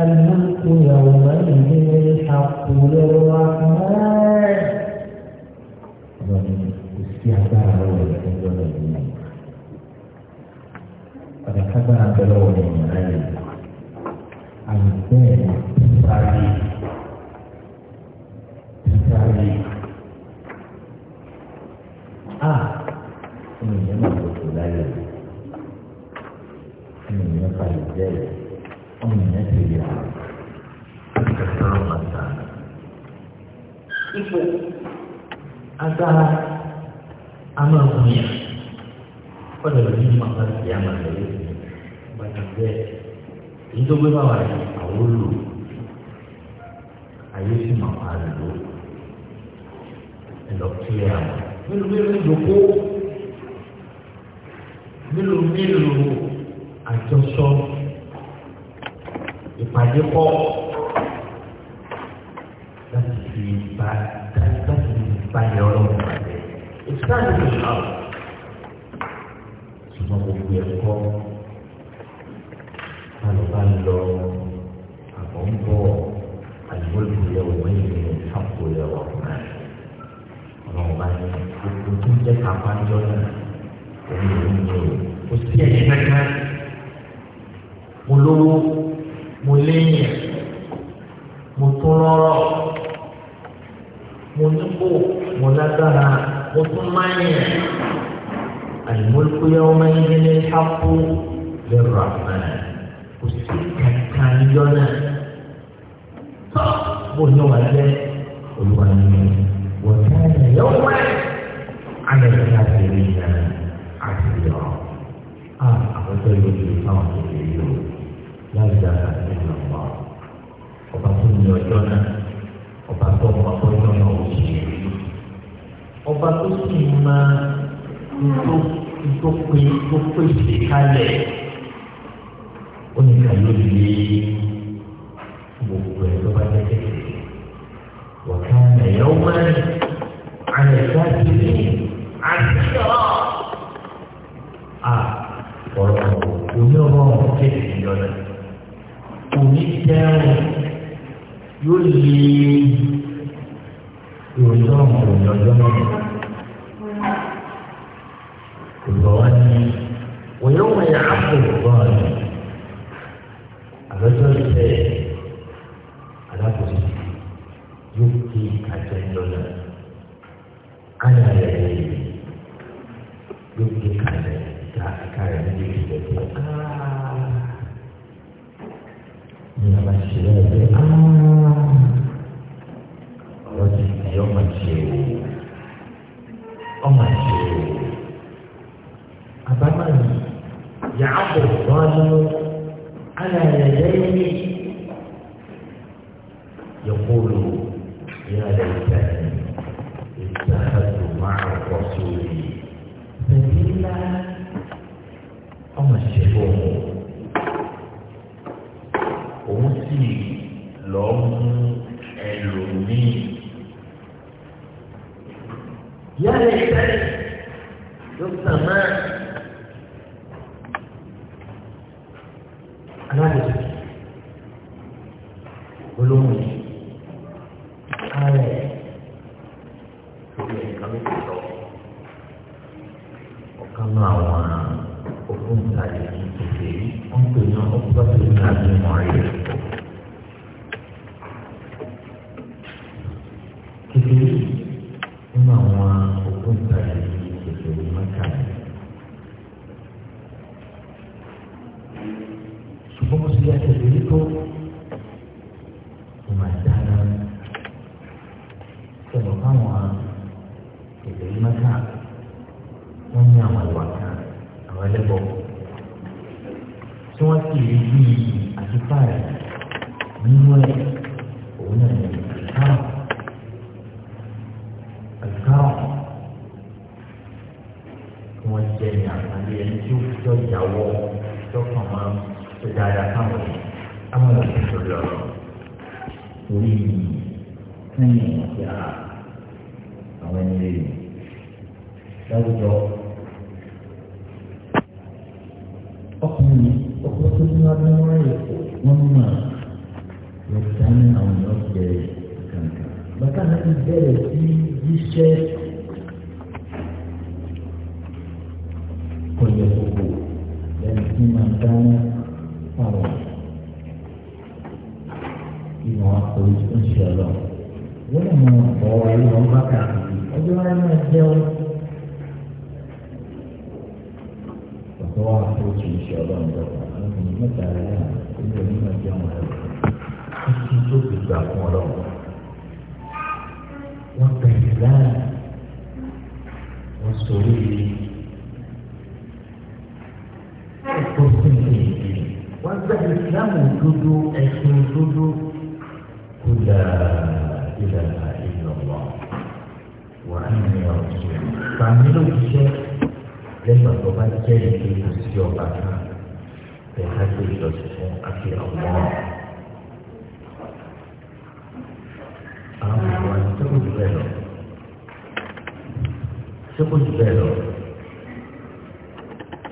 alùpùpù yàwó máa ń gbé àpòlọ wa máa. ọlọ́run kò sí agbára lọ́wọ́ ẹ̀kọ́ lọ́wọ́ ẹ̀yìn ọ̀dà kágbára bẹ́ẹ̀ lọ́wọ́ ẹ̀yìn ọ̀dà yìí àlùfẹ́ gbé bá wà yìí àwọn olù ayé sì máa pa àlùkò ẹ̀ lọ́ọ́ kílẹ̀ àwọn mélòó mélòó ló kó. فمن يعض الظالم على يديه tí kò jù bẹ́ẹ̀ lọ.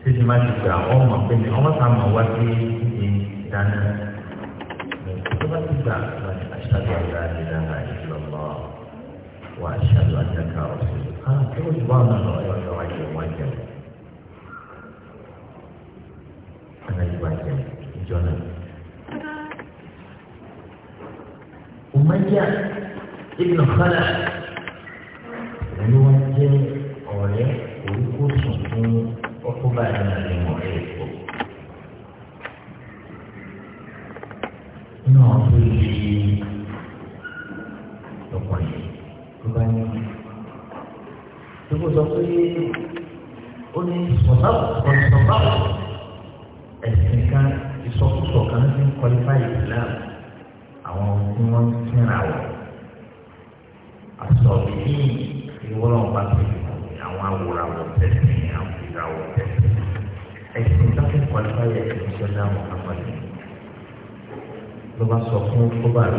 Títí máa ti gbà àwọn ọmọ pé ní ọmọ tá a máa wá sí ní ìdáná. Tó bá ti gbà wọ́n ti aṣáájú àgbà ní ìdáná ìṣọ̀lọ́ wọ́n aṣáájú àjẹká ọ̀sẹ̀. Tí kò jù bá wọn lọ ẹ̀rọ ìwà ìjẹun wọ́n jẹun. Àná ìwà ìjẹun ìjọ náà. Umayya ibn Khalaf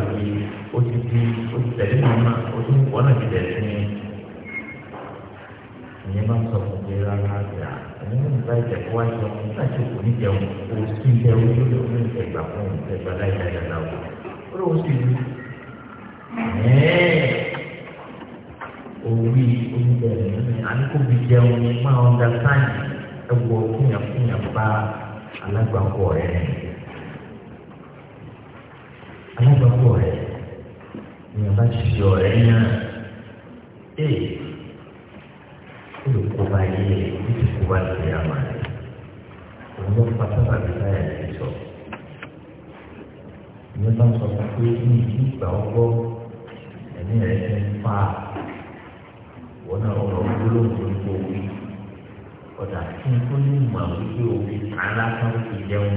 ti ó ti di ó ti tẹ̀lé mi mọ́ ó ti wọ́n náà ti tẹ̀lé mi. ìyẹn máa ń sọ fún mi rárá àgbà ẹni ní ìgbà ìjẹ̀kọ́ wá jọ nígbà tí kò ní jẹun kò sí jẹun yóò lọ ní ìtẹ̀gbà fún ìtẹ̀gbà láì dáadáa náà wò ó lóun sì ní. Orí oúnjẹ ní àníkóbi jẹun máa ń da sáyìn ẹ̀wọ̀ kúnyàkúnyà bá alágbàkọ̀ rẹ̀ nìyí alábàápọ̀ rẹ̀ èèyàn bá ti fi ọ̀rẹ́ náà ee olùkóba yìí ẹ̀ ní ti kóba lórí àmà rẹ̀ òun ló fa sábà bí táyà ti sọ. ìyẹn bá sọ pé ní ìgbà ọgbọ́ ẹ̀mí rẹ̀ ti ń fa wọn náà ọ̀rọ̀ gbólóhùn tó ń wí ọ̀dà tí n tó ní ìmọ̀ àwọn ìwé òwe aláfáà ti jẹun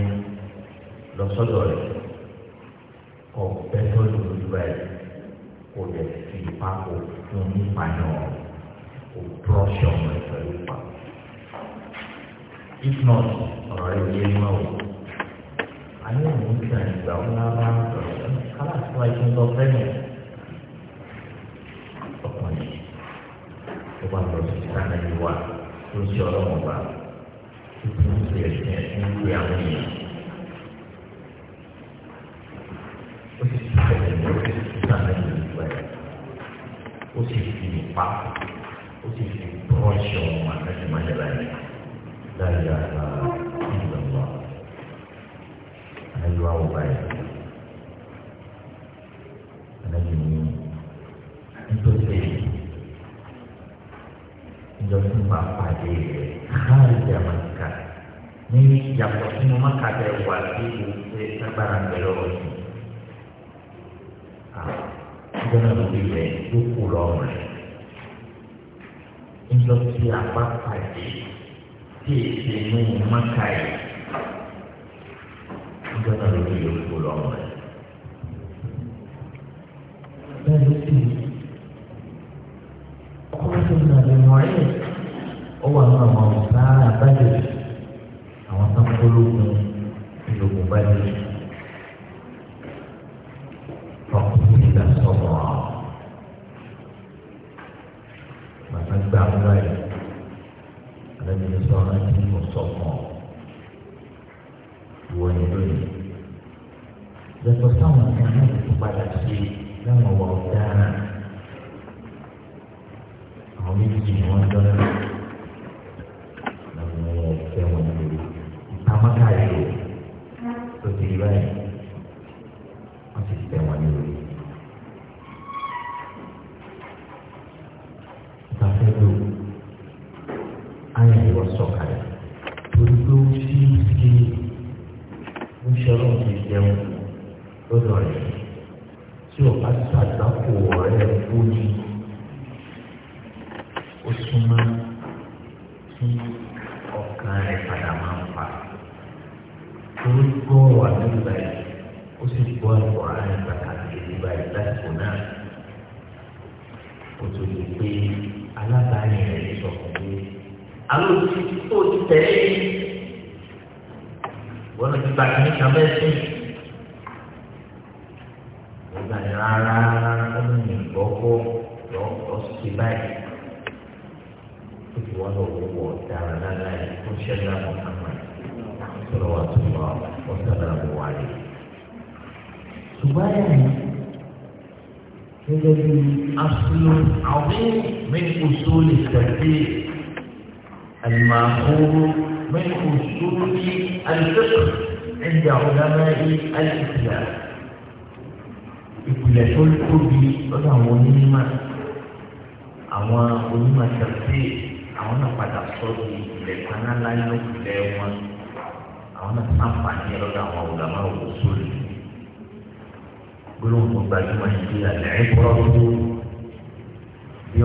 lọ sọ́dọ̀ rẹ̀ ọ̀bẹ tó lò rẹ̀ kò lè fi ipa kò fún nípa náà kò brọ́ṣì ọmọ ẹ̀ pẹ̀lú pa. if not ọ̀rọ̀ rẹ̀ yé mọ́ o. ayé òun ti àyìnbá wọn lábá ń sọ̀rọ̀ kálàsì wa ti ń lọ fẹ́yìn. ọkùnrin bá lọ sí sáré wa ló ṣe ọlọ́mọba tó tún ṣe ẹ̀sìn ẹ̀sìn pé àwọn èèyàn. ó sì fi fẹ̀lẹ̀ lórí ìgbà lẹ́yìn ìgbà ẹ̀ ó sì fi pa ó sì fi bọ́ọ̀ṣì ọmọ àtàkì májèlá ẹ̀ láyé àgbà ìgbàgbọ́ àyè wa ò báyìí àyè mi nítorí ìjọsìn bá pàdé rẹ̀ káàdì tí mo má pẹ̀lú ọ̀sìn. lórí rẹ̀ ló kù lọ́rùn rẹ̀. Níjọ́ tí a bá pàdé tí èsì inú mọ́ta yìí, níjọ́ náà lórí rẹ̀ ló kù lọ́rùn rẹ̀. العظيم من أصول التفكير المأخوذ من أصول الفقه عند علماء الإسلام ìpìlẹ̀ tó tóbi lọ́dọ̀ àwọn onímọ̀ àwọn onímọ̀ tẹ̀sí àwọn náà padà sọ di ìpìlẹ̀ kanáńlá nínú ìpìlẹ̀ wọn àwọn náà sàǹfààní lọ́dọ̀ àwọn ọ̀dàmọ́ òwò sórí gbólóhùn gbajúmọ̀ ìdí àlẹ́ ẹ̀kọ́ ọdún.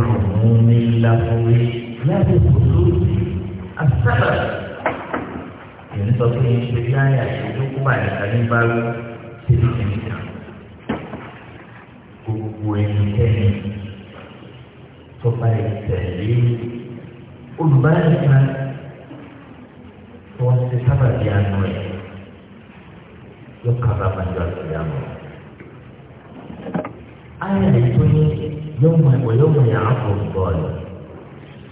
بعموم اللفظ لا بخصوص السبب yìí sọ pé ṣe bí àyà ìṣojú kúmà nìkan ní bá rú síbi kìnìkan gbogbo ẹnikẹ́ni tó bá ìtẹ̀lé olùbáraẹnìkan tó wọ́n ti sábà bí àánú ẹ̀ yóò kábàámà yóò mọ ìwọ yóò mọ ìyàrá kan bọ́ọ̀lù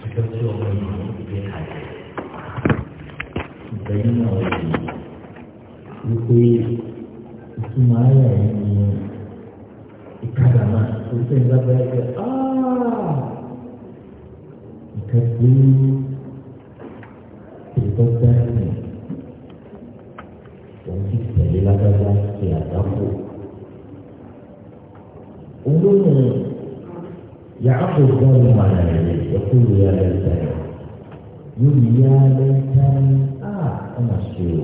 ọjọ́ tí ọmọ ìlú gbé kalẹ̀ ìgbẹ́ nínú ọ̀rọ̀ yìí wípé ìtumọ̀ ayé ẹ̀ ní ìkadà náà tó fẹ́ ń dábẹ́ ẹgbẹ́ áá ìkẹ́kẹ́ ko gbɔdɔ ma one yi le ɛfu yi ya lɛ ntɛ yi yi ya lɛ ntɛ yi aa ah, ɔna su yi.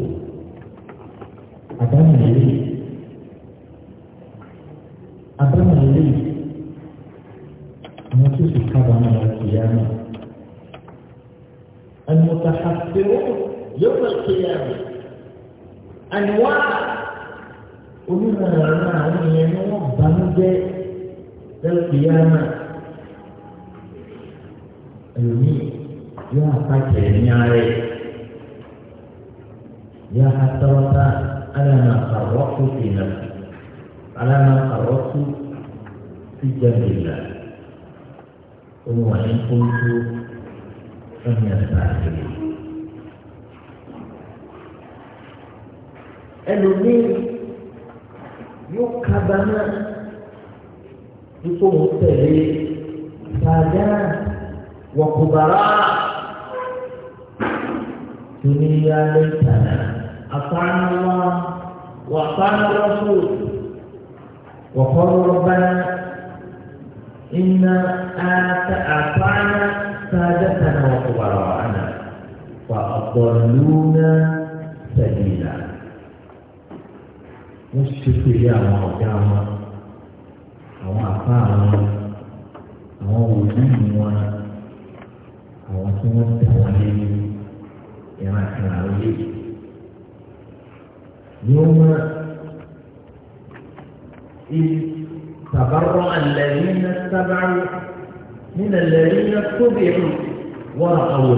وإن قلت فمن الساحرين ẹlòmíì yóò kábàámà dúpọ̀ ń tẹ̀lé ìtajà wọ̀kùbàrà dúníyà lẹ́tàdà àfáànàwà wàfáànàwà fún wọ̀kọ́rọ̀ báyìí.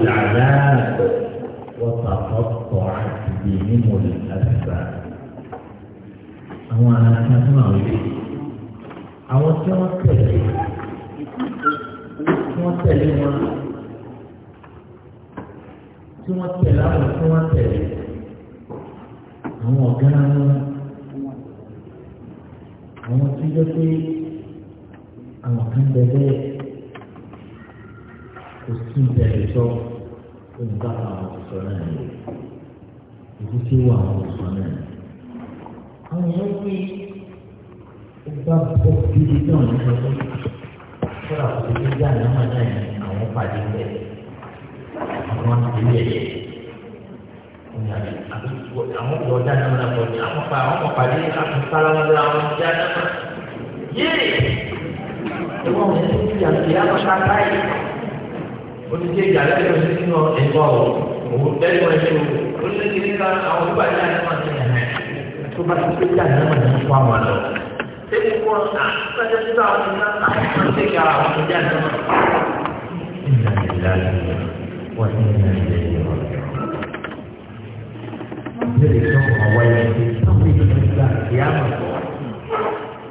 العذاب وتقطعت بهم الأسباب àwọn aláǹkà tó máa wọlé àwọn tí wọ́n tẹ̀lé tí wọ́n tẹ̀lé wọn tí wọ́n tẹ̀lé àwọn tí wọ́n tẹ̀lé àwọn ọ̀gá wọn àwọn tí yẹ pé àwọn kan bẹ kò sí ìbẹ̀rẹ̀ sọ́ọ̀ nǹkan àwọn òṣìṣẹ́ náà ni ìdí tí wà àwọn òṣìṣẹ́ náà ni. àwọn èèyàn pé ìgbà pọ̀ bíi náà ní ọdún fúnra kò ní gbà náà náà ni àwọn pàdé bẹ́ẹ̀ àwọn ìlú ẹ̀yẹ àwọn ìlú ọjà náà náà bọ̀ ní àwọn pa àwọn pàdé àtúntàlámọ́lá àwọn ìjà náà yéè ìwọ̀n ní ìyàgbé àwọn sábà oníṣẹ́ ìjà lẹ́yìn oṣù nínú ẹ̀gbọ́n o òun lẹ́yìn oṣù o oṣù kìíní ká àwọn tó bá yá ẹ̀ máa ti yàn ẹ̀ tó bá ti péjà ní ọmọ ìlú fún àwọn lọ. Ebi kọ́ ọ̀nà sọ́jà síbẹ̀ àwọn ọ̀nà àwọn ọ̀nà ṣe kí ara wọn jẹ́ àná. Ìlà ìlà ìlà ti ń rìn ilé ìwọ̀n. Bẹ́ẹ̀ni àwọn ẹ̀yẹ ti mọ̀ bọ̀.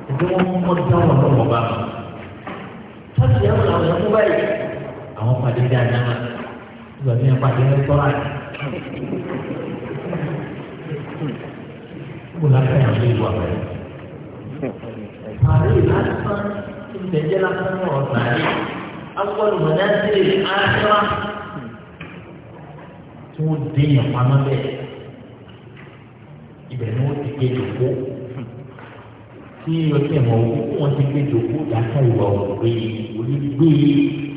Ìgbé wọn mọ́ dáwọn àwọn pàdé dáadáa ìgbà tí wọ́n pàdé ní tọ́lá yìí. kó láti àwọn ilé ìwà rẹ̀. Ààrẹ lásán ìgbẹ́jẹ́ lásán náà ọ̀sán yìí. Agbọ́dọ̀ mọ̀dá sí lè áṣá. Tí wọ́n dé yàn pamọ́ bẹ́ẹ̀. Ibẹ̀ ni wọ́n ti gbé jòkó. Tí ọtí ẹ̀mọ́ wọn ti gbé jòkó dáká ìwà òwe onígbé yìí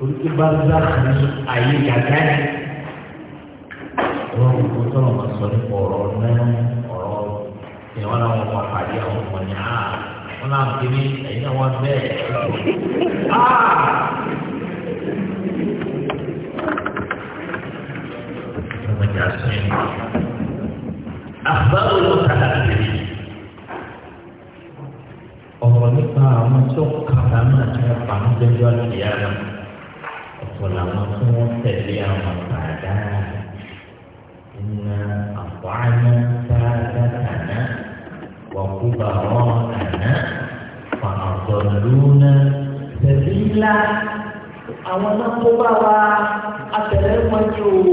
oríṣi bá dá ní ayé gàgá yẹn wọn kò sọ̀rọ̀ máa sọ nípa ọ̀rọ̀ náà ọ̀rọ̀ ẹ wọn làwọn ọmọ àpàdé àwọn ọmọ ní àá wọn làwọn ti ní ẹ̀yìn náà wọn bẹ́ẹ̀ áà. أخبار المتحدثين ọ̀rọ̀ nípa àwọn tó kàrà náà ní ọ̀pá ní gbẹ́jọ́ àlùyá náà ọ̀pọ̀ làwọn tí wọ́n tẹ̀lé àwọn àbàdá iná àpáná sáadá kàná wàkúbà wọn kàná fàdọ̀lúnà tẹ̀síńlá àwọn náà kó bá wa atẹ̀lẹ́ wọn yìí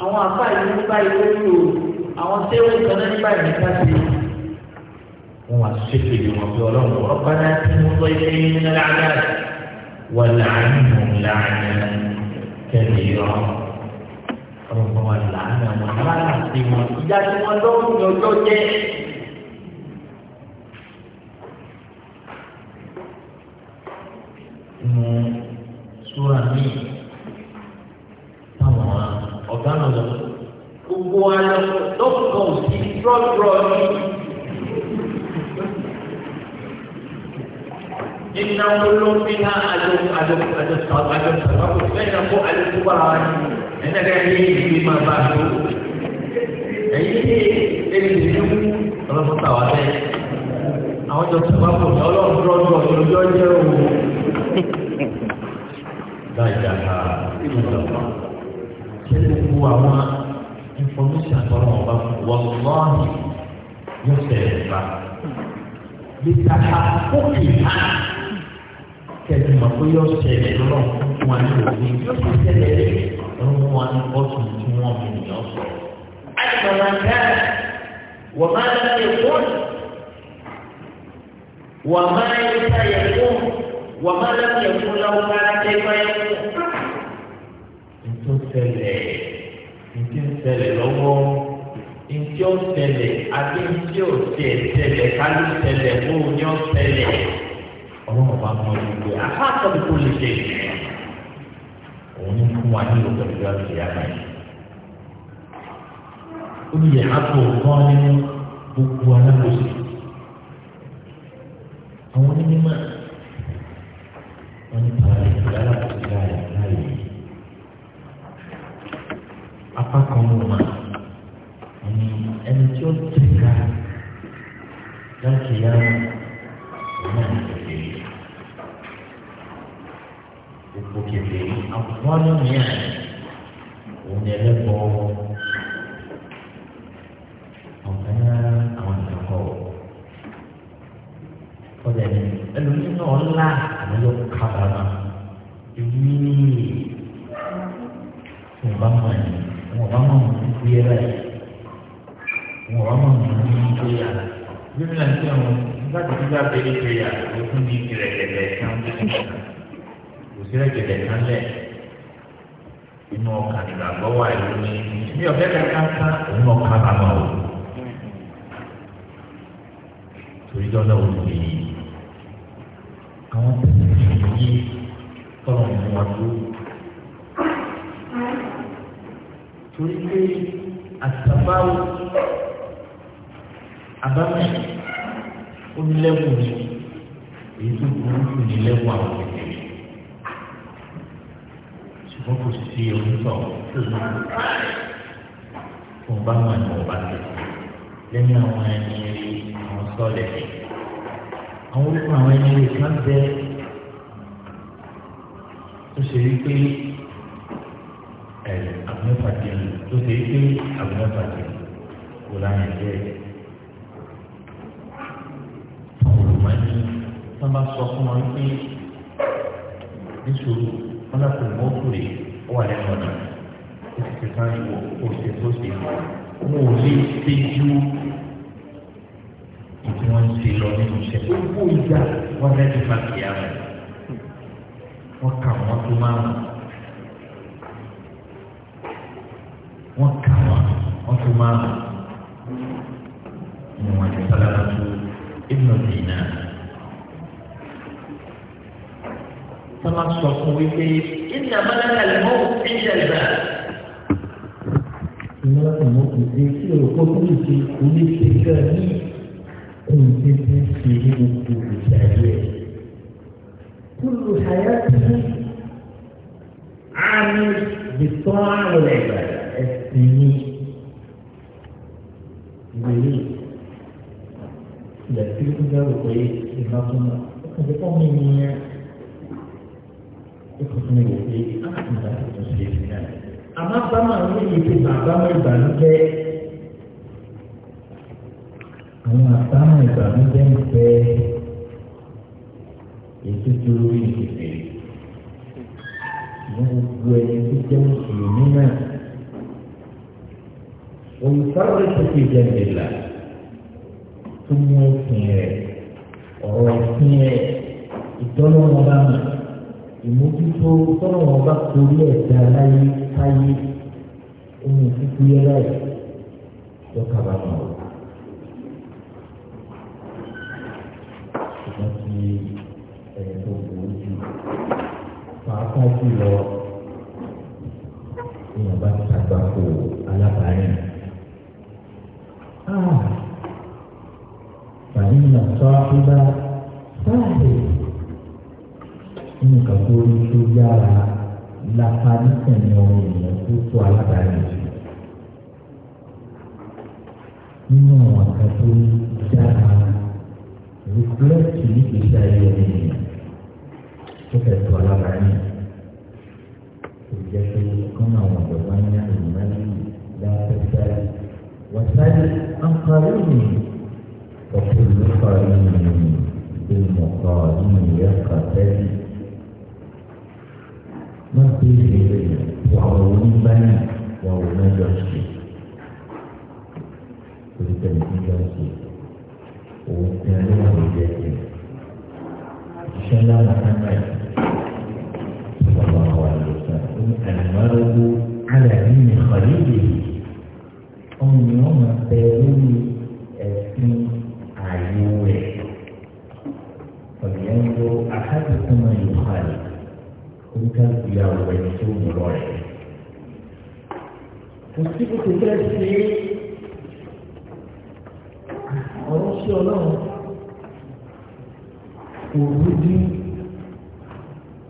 o àwọn àfa yìí nípa ìwé yìí ولعنهم لعنا كبيرا ربما ولعنهم لعنا كبيرا إذا كنت لهم يوجد súra ní àwọn ọ̀gá náà lọ. Gbogbo ayọ̀ lọ́kùnkàn òsì rọ́rọ́ تولوا بها أجل أجل أجل أجل تفاقوا بينكم على الكبراء أنك يجب بما فعلوا èyí tí èyí tí ó ọlọ́pọ̀ta wà lẹ́ àwọn jọ tó pápọ̀ ọlọ́pọ̀lọpọ̀ ọjọ́ jẹ́ òun dájára ìlúlọ́pọ̀ ṣe gbogbo àwọn information tọrọ ọba wọn lọ́ọ̀nì yóò fẹ̀rẹ̀ bá lè tàkà kókè náà kẹlẹ mọ pé yóò ṣẹlẹ̀ lọ fún wa ní òwe yóò ti ṣẹlẹ̀ lọ́wọ́ wa ní bọtún tí wọn mú ní ọsọ. àìsàn àgbàrá wọ́n máa ń ṣe fún wọ́n máa ń ṣe àyẹ̀wò wọ́n máa ń ṣe fún lọ́wọ́ kára tẹ́ báyìí. nítorí ṣẹlẹ̀ nítorí ṣẹlẹ̀ lọ́wọ́ nítorí ṣẹlẹ̀ àti nítorí ṣẹlẹ̀ kálí ṣẹlẹ̀ fún ní ọ̀ṣẹlẹ̀ ọlọ́run bá mọ ní ìgbé àkàtọ̀ tó lè ṣe òun ní fún wa ní ìlú pẹ̀lú àti ìyá náà ó ní yẹ̀ká tó kọ́ nínú gbogbo alákòóso àwọn onímọ̀ wọn ní pàrọ̀ ìlú alákòóso láàyè láàyè apá kan ló mà ní ẹni tí ó tẹ̀ka láti yára òun náà. gbogbo kẹfẹ́rí àwọn ọlọ́mìíràn òun ni ẹlẹ́bọ ọ̀gá àwọn ìjọkọ̀ ọ̀dẹ̀ ni ẹlòmíì náà ńlá àwọn yóò kábàá náà èyí wọn bá mọ̀ ẹ̀ wọn bá mọ̀ ní kúyẹ́ báyìí wọn bá mọ̀ ní kúyẹ́ báyìí bí wọn náà ń tẹ̀ nígbà tó ti bá bẹ́ẹ̀ ní kúyẹ́ báyìí ó tún ní ìrẹ̀lẹ̀ bẹ́ẹ̀ tí wọ́n ti sọ̀rọ̀ kò sí ẹ̀gẹ̀dẹ̀ kan lẹ̀ inú ọkà ìgbàgbọ́ wà yìí ní ìbí ọ̀fẹ́ kankan ká òun ọkà bàbá o torí dọ́là olùdí yìí àwọn tẹ̀sí yìí tọ̀rọ̀ mú wọn tó torí pé àtàbáwò àbámẹ́ onílẹ̀kùn ni èyí tó burú jù nílẹ̀kùn àwọn ṣùgbọ́n kò sí sí onítọ̀ tó máa ń bá mo bá wọn ní ọba tó lẹ́yìn àwọn ẹni rí àwọn sọ́ọ̀lẹ̀ mi. àwọn orúkọ àwọn ẹni rí kan bẹ tó wọn láti mọ o ó wà lẹ́nu ọ̀nà ó sì ti sáré wọ òsè tó ṣe wọn ò lè ṣe ju ìdí wọn ṣe lọ nínú iṣẹ́ gbogbo ìjà wọn lẹ́nu bá sọ fún wípé ìnà mọ́lẹ́kà lè mọ́ ìṣẹ̀ ìgbà. ìyá ọmọ kò dé sí òkú tó lè ṣe oníṣẹ́ ìgbà ní ohun tí ó ń ṣe ní gbogbo ìgbà yẹn. mi wò pé káàkiri náà tó tún ṣe sí náà. àmọ́ sábà ní ìdí àbámọ̀ ìbànújẹ́ àwọn àbámọ̀ ìbànújẹ́ ń bẹ ètò tó lórí ìdìbò ní gbogbo ẹni tó jẹ́ mùsùlùmí náà. ويفرط في جنب الله ثم يسير ويسير الدنيا مبامر ìmójútó tọ́lọ̀ wọn bá torí ẹ̀dá láyé káyé ohun kíkú yẹ láyé lọ́ka bá mọ̀ ṣùgbọ́n kí ẹ̀rọ tó burú jù pàápàá jùlọ èèyàn bá ti àgbàkò alábàárìn. Bàbá mi nà sọ àfihàn sáàyè nínú kàtó tó yára lápá nísìnyí ọmọ ènìyàn tó tó alábàárẹ̀ jù nínú àwọn kàtó yára rìfúlẹ́tì nígbèsí ayé ọmọ ènìyàn tó fẹ́ tó alábàárẹ̀ ìjẹ́ pé kọ́nà àwọn ọ̀dọ́gbọ́n ní àlùmọ́lì láti sáré wọ́n sáré àǹfààní nìyí. وكل قرين بالمقارن يقتدي má gbé ìrè ọ̀rọ̀ onígbàyà wà wò mẹ́jọ ṣe torí pẹ̀lú mẹ́jọ ṣe òun ti ẹni wà ló jẹ jẹ iṣẹ́ ńlá làkàtà ìṣọ̀lá wà ló sọ fún àlùmọ́lọ́gbó alàbí ní xọlídì ọmọ ni wọ́n máa bẹ lórí ẹ̀sìn ààyè rẹ̀ ọ̀yẹ́ ń lo àkàtúntàn yóò xọlídì. oníkálukú yà wọ ẹni tó mú lọ rẹ kò sí kó tó fẹ́ ṣe ọ̀rọ̀ sí ọlọ́run kò rújú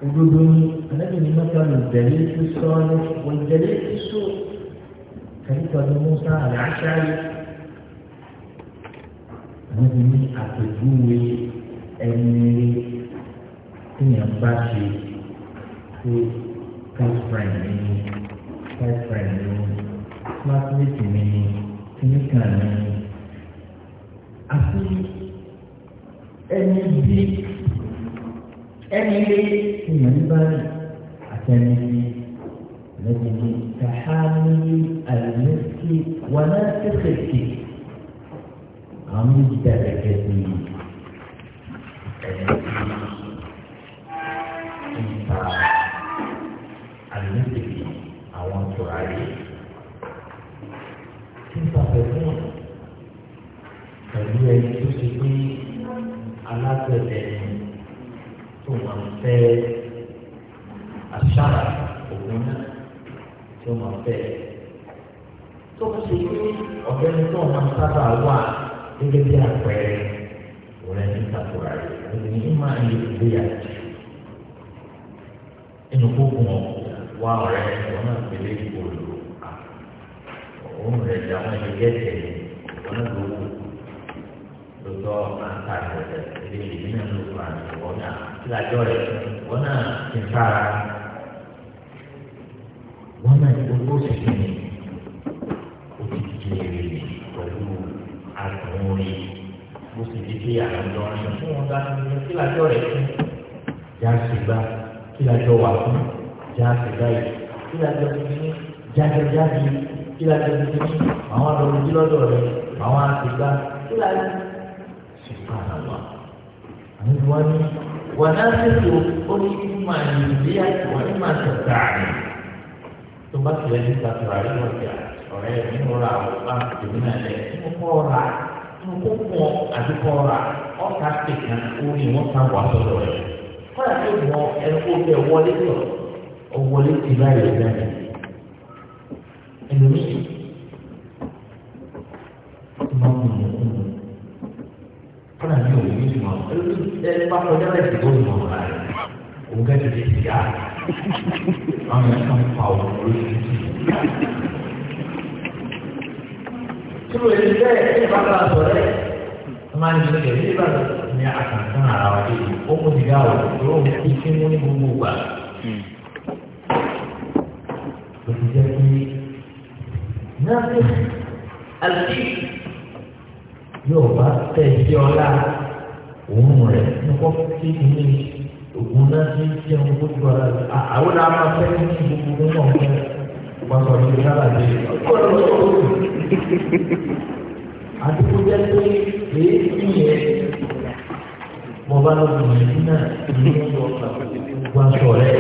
òdodo ni anábì ní mọ́tàlù ìjẹ̀lẹ̀ tó sọ ọ́ ní wọ́n ìjẹ̀lẹ̀ tó sọ kàlífà ní musa àlàáṣáyé anábì ní àpèjúwe ẹni tí yẹn bá ṣe pé close friend mi ni close friend mi ni classmate mi ni clinical mi ni àti ẹni bí ẹni lé ìyẹn bá àtẹni bí lẹ́yìn ní kàhámi àlùmẹ́sì wà náà tẹ̀sẹ̀kì àwọn méjì dàgbẹ́kẹ́ bí ẹni bí. fẹ́ àṣàrà òun náà tí ó máa fẹ́ tó ń ṣe pé ọ̀gbẹ́ni náà máa sábà wà gẹ́gẹ́ bí àpẹẹrẹ òun ẹni ìtàkùrà rẹ̀ òun ní máa ń yẹ ìgbéyàwó nínú gbogbo wọn wá ọ̀rẹ́ wọn náà pèlè ìgbòho òun rẹ̀ jẹ́ àwọn ìgbẹ́tẹ̀ wọn náà lówó lójó àǹtà rẹ̀ ilé ìdílé náà ló fà ní ìwọ náà kí lájọ́ rẹ̀ jáde-jáde kí la ti di àwọn àlọ́run jí lọ́dọ̀ rẹ̀ àwọn àtìgbà kí la ti ṣe fún àlọ́ àwọn ìwà ni wà náà tètè ó ní kí máa yí ilé àti wà ní máa tẹ̀sà rẹ̀ tó bá tilẹ̀ ní ìtàkùrà rẹ̀ lọ́jà ọ̀rẹ́ mi ń rọra àwọn bá tèmi náà lẹ̀ mo kọ́ ra mo kó pọ̀ àti kọ́ ọ̀ka tèkà orí wọn ká wà sọ̀rọ̀ rẹ̀ kọ́lá tó mọ ẹ̀kọ́ ẹlòmíì máa mú un kọ́nà ní òwe ní ìmọ̀ ẹni bá kọjá rẹ̀ ti gbóhùn ọ̀rọ̀ rẹ̀ òun gẹ́gẹ́ bí ìyá àwọn ẹ̀ kan pa òun lórí títì. Tíro èyí bẹ́ẹ̀ ní bàbá àtọ̀rẹ́ máa ń jẹ ìrẹ̀lẹ̀ nígbà ní àkàntán ara wa dé. Ó mú ìyá òun ló ń fi kí mú ní gbogbo ìgbà. Hmm. ناقص الفيل yóò bá tẹ̀ sí ọlá òun rẹ̀ nípa tí ilé ògùn náà ti ń jẹun gbogbo ara rẹ̀ àwọn náà máa fẹ́ ní gbogbo nínú ọ̀gbẹ́ pàtó ìlú náà dé ọ̀gbọ́n lọ́wọ́ àdúgbò jẹ́ pé èyí ti yẹ mo bá lọ bùn yìí náà ní ọ̀gbà gbogbo aṣọ rẹ̀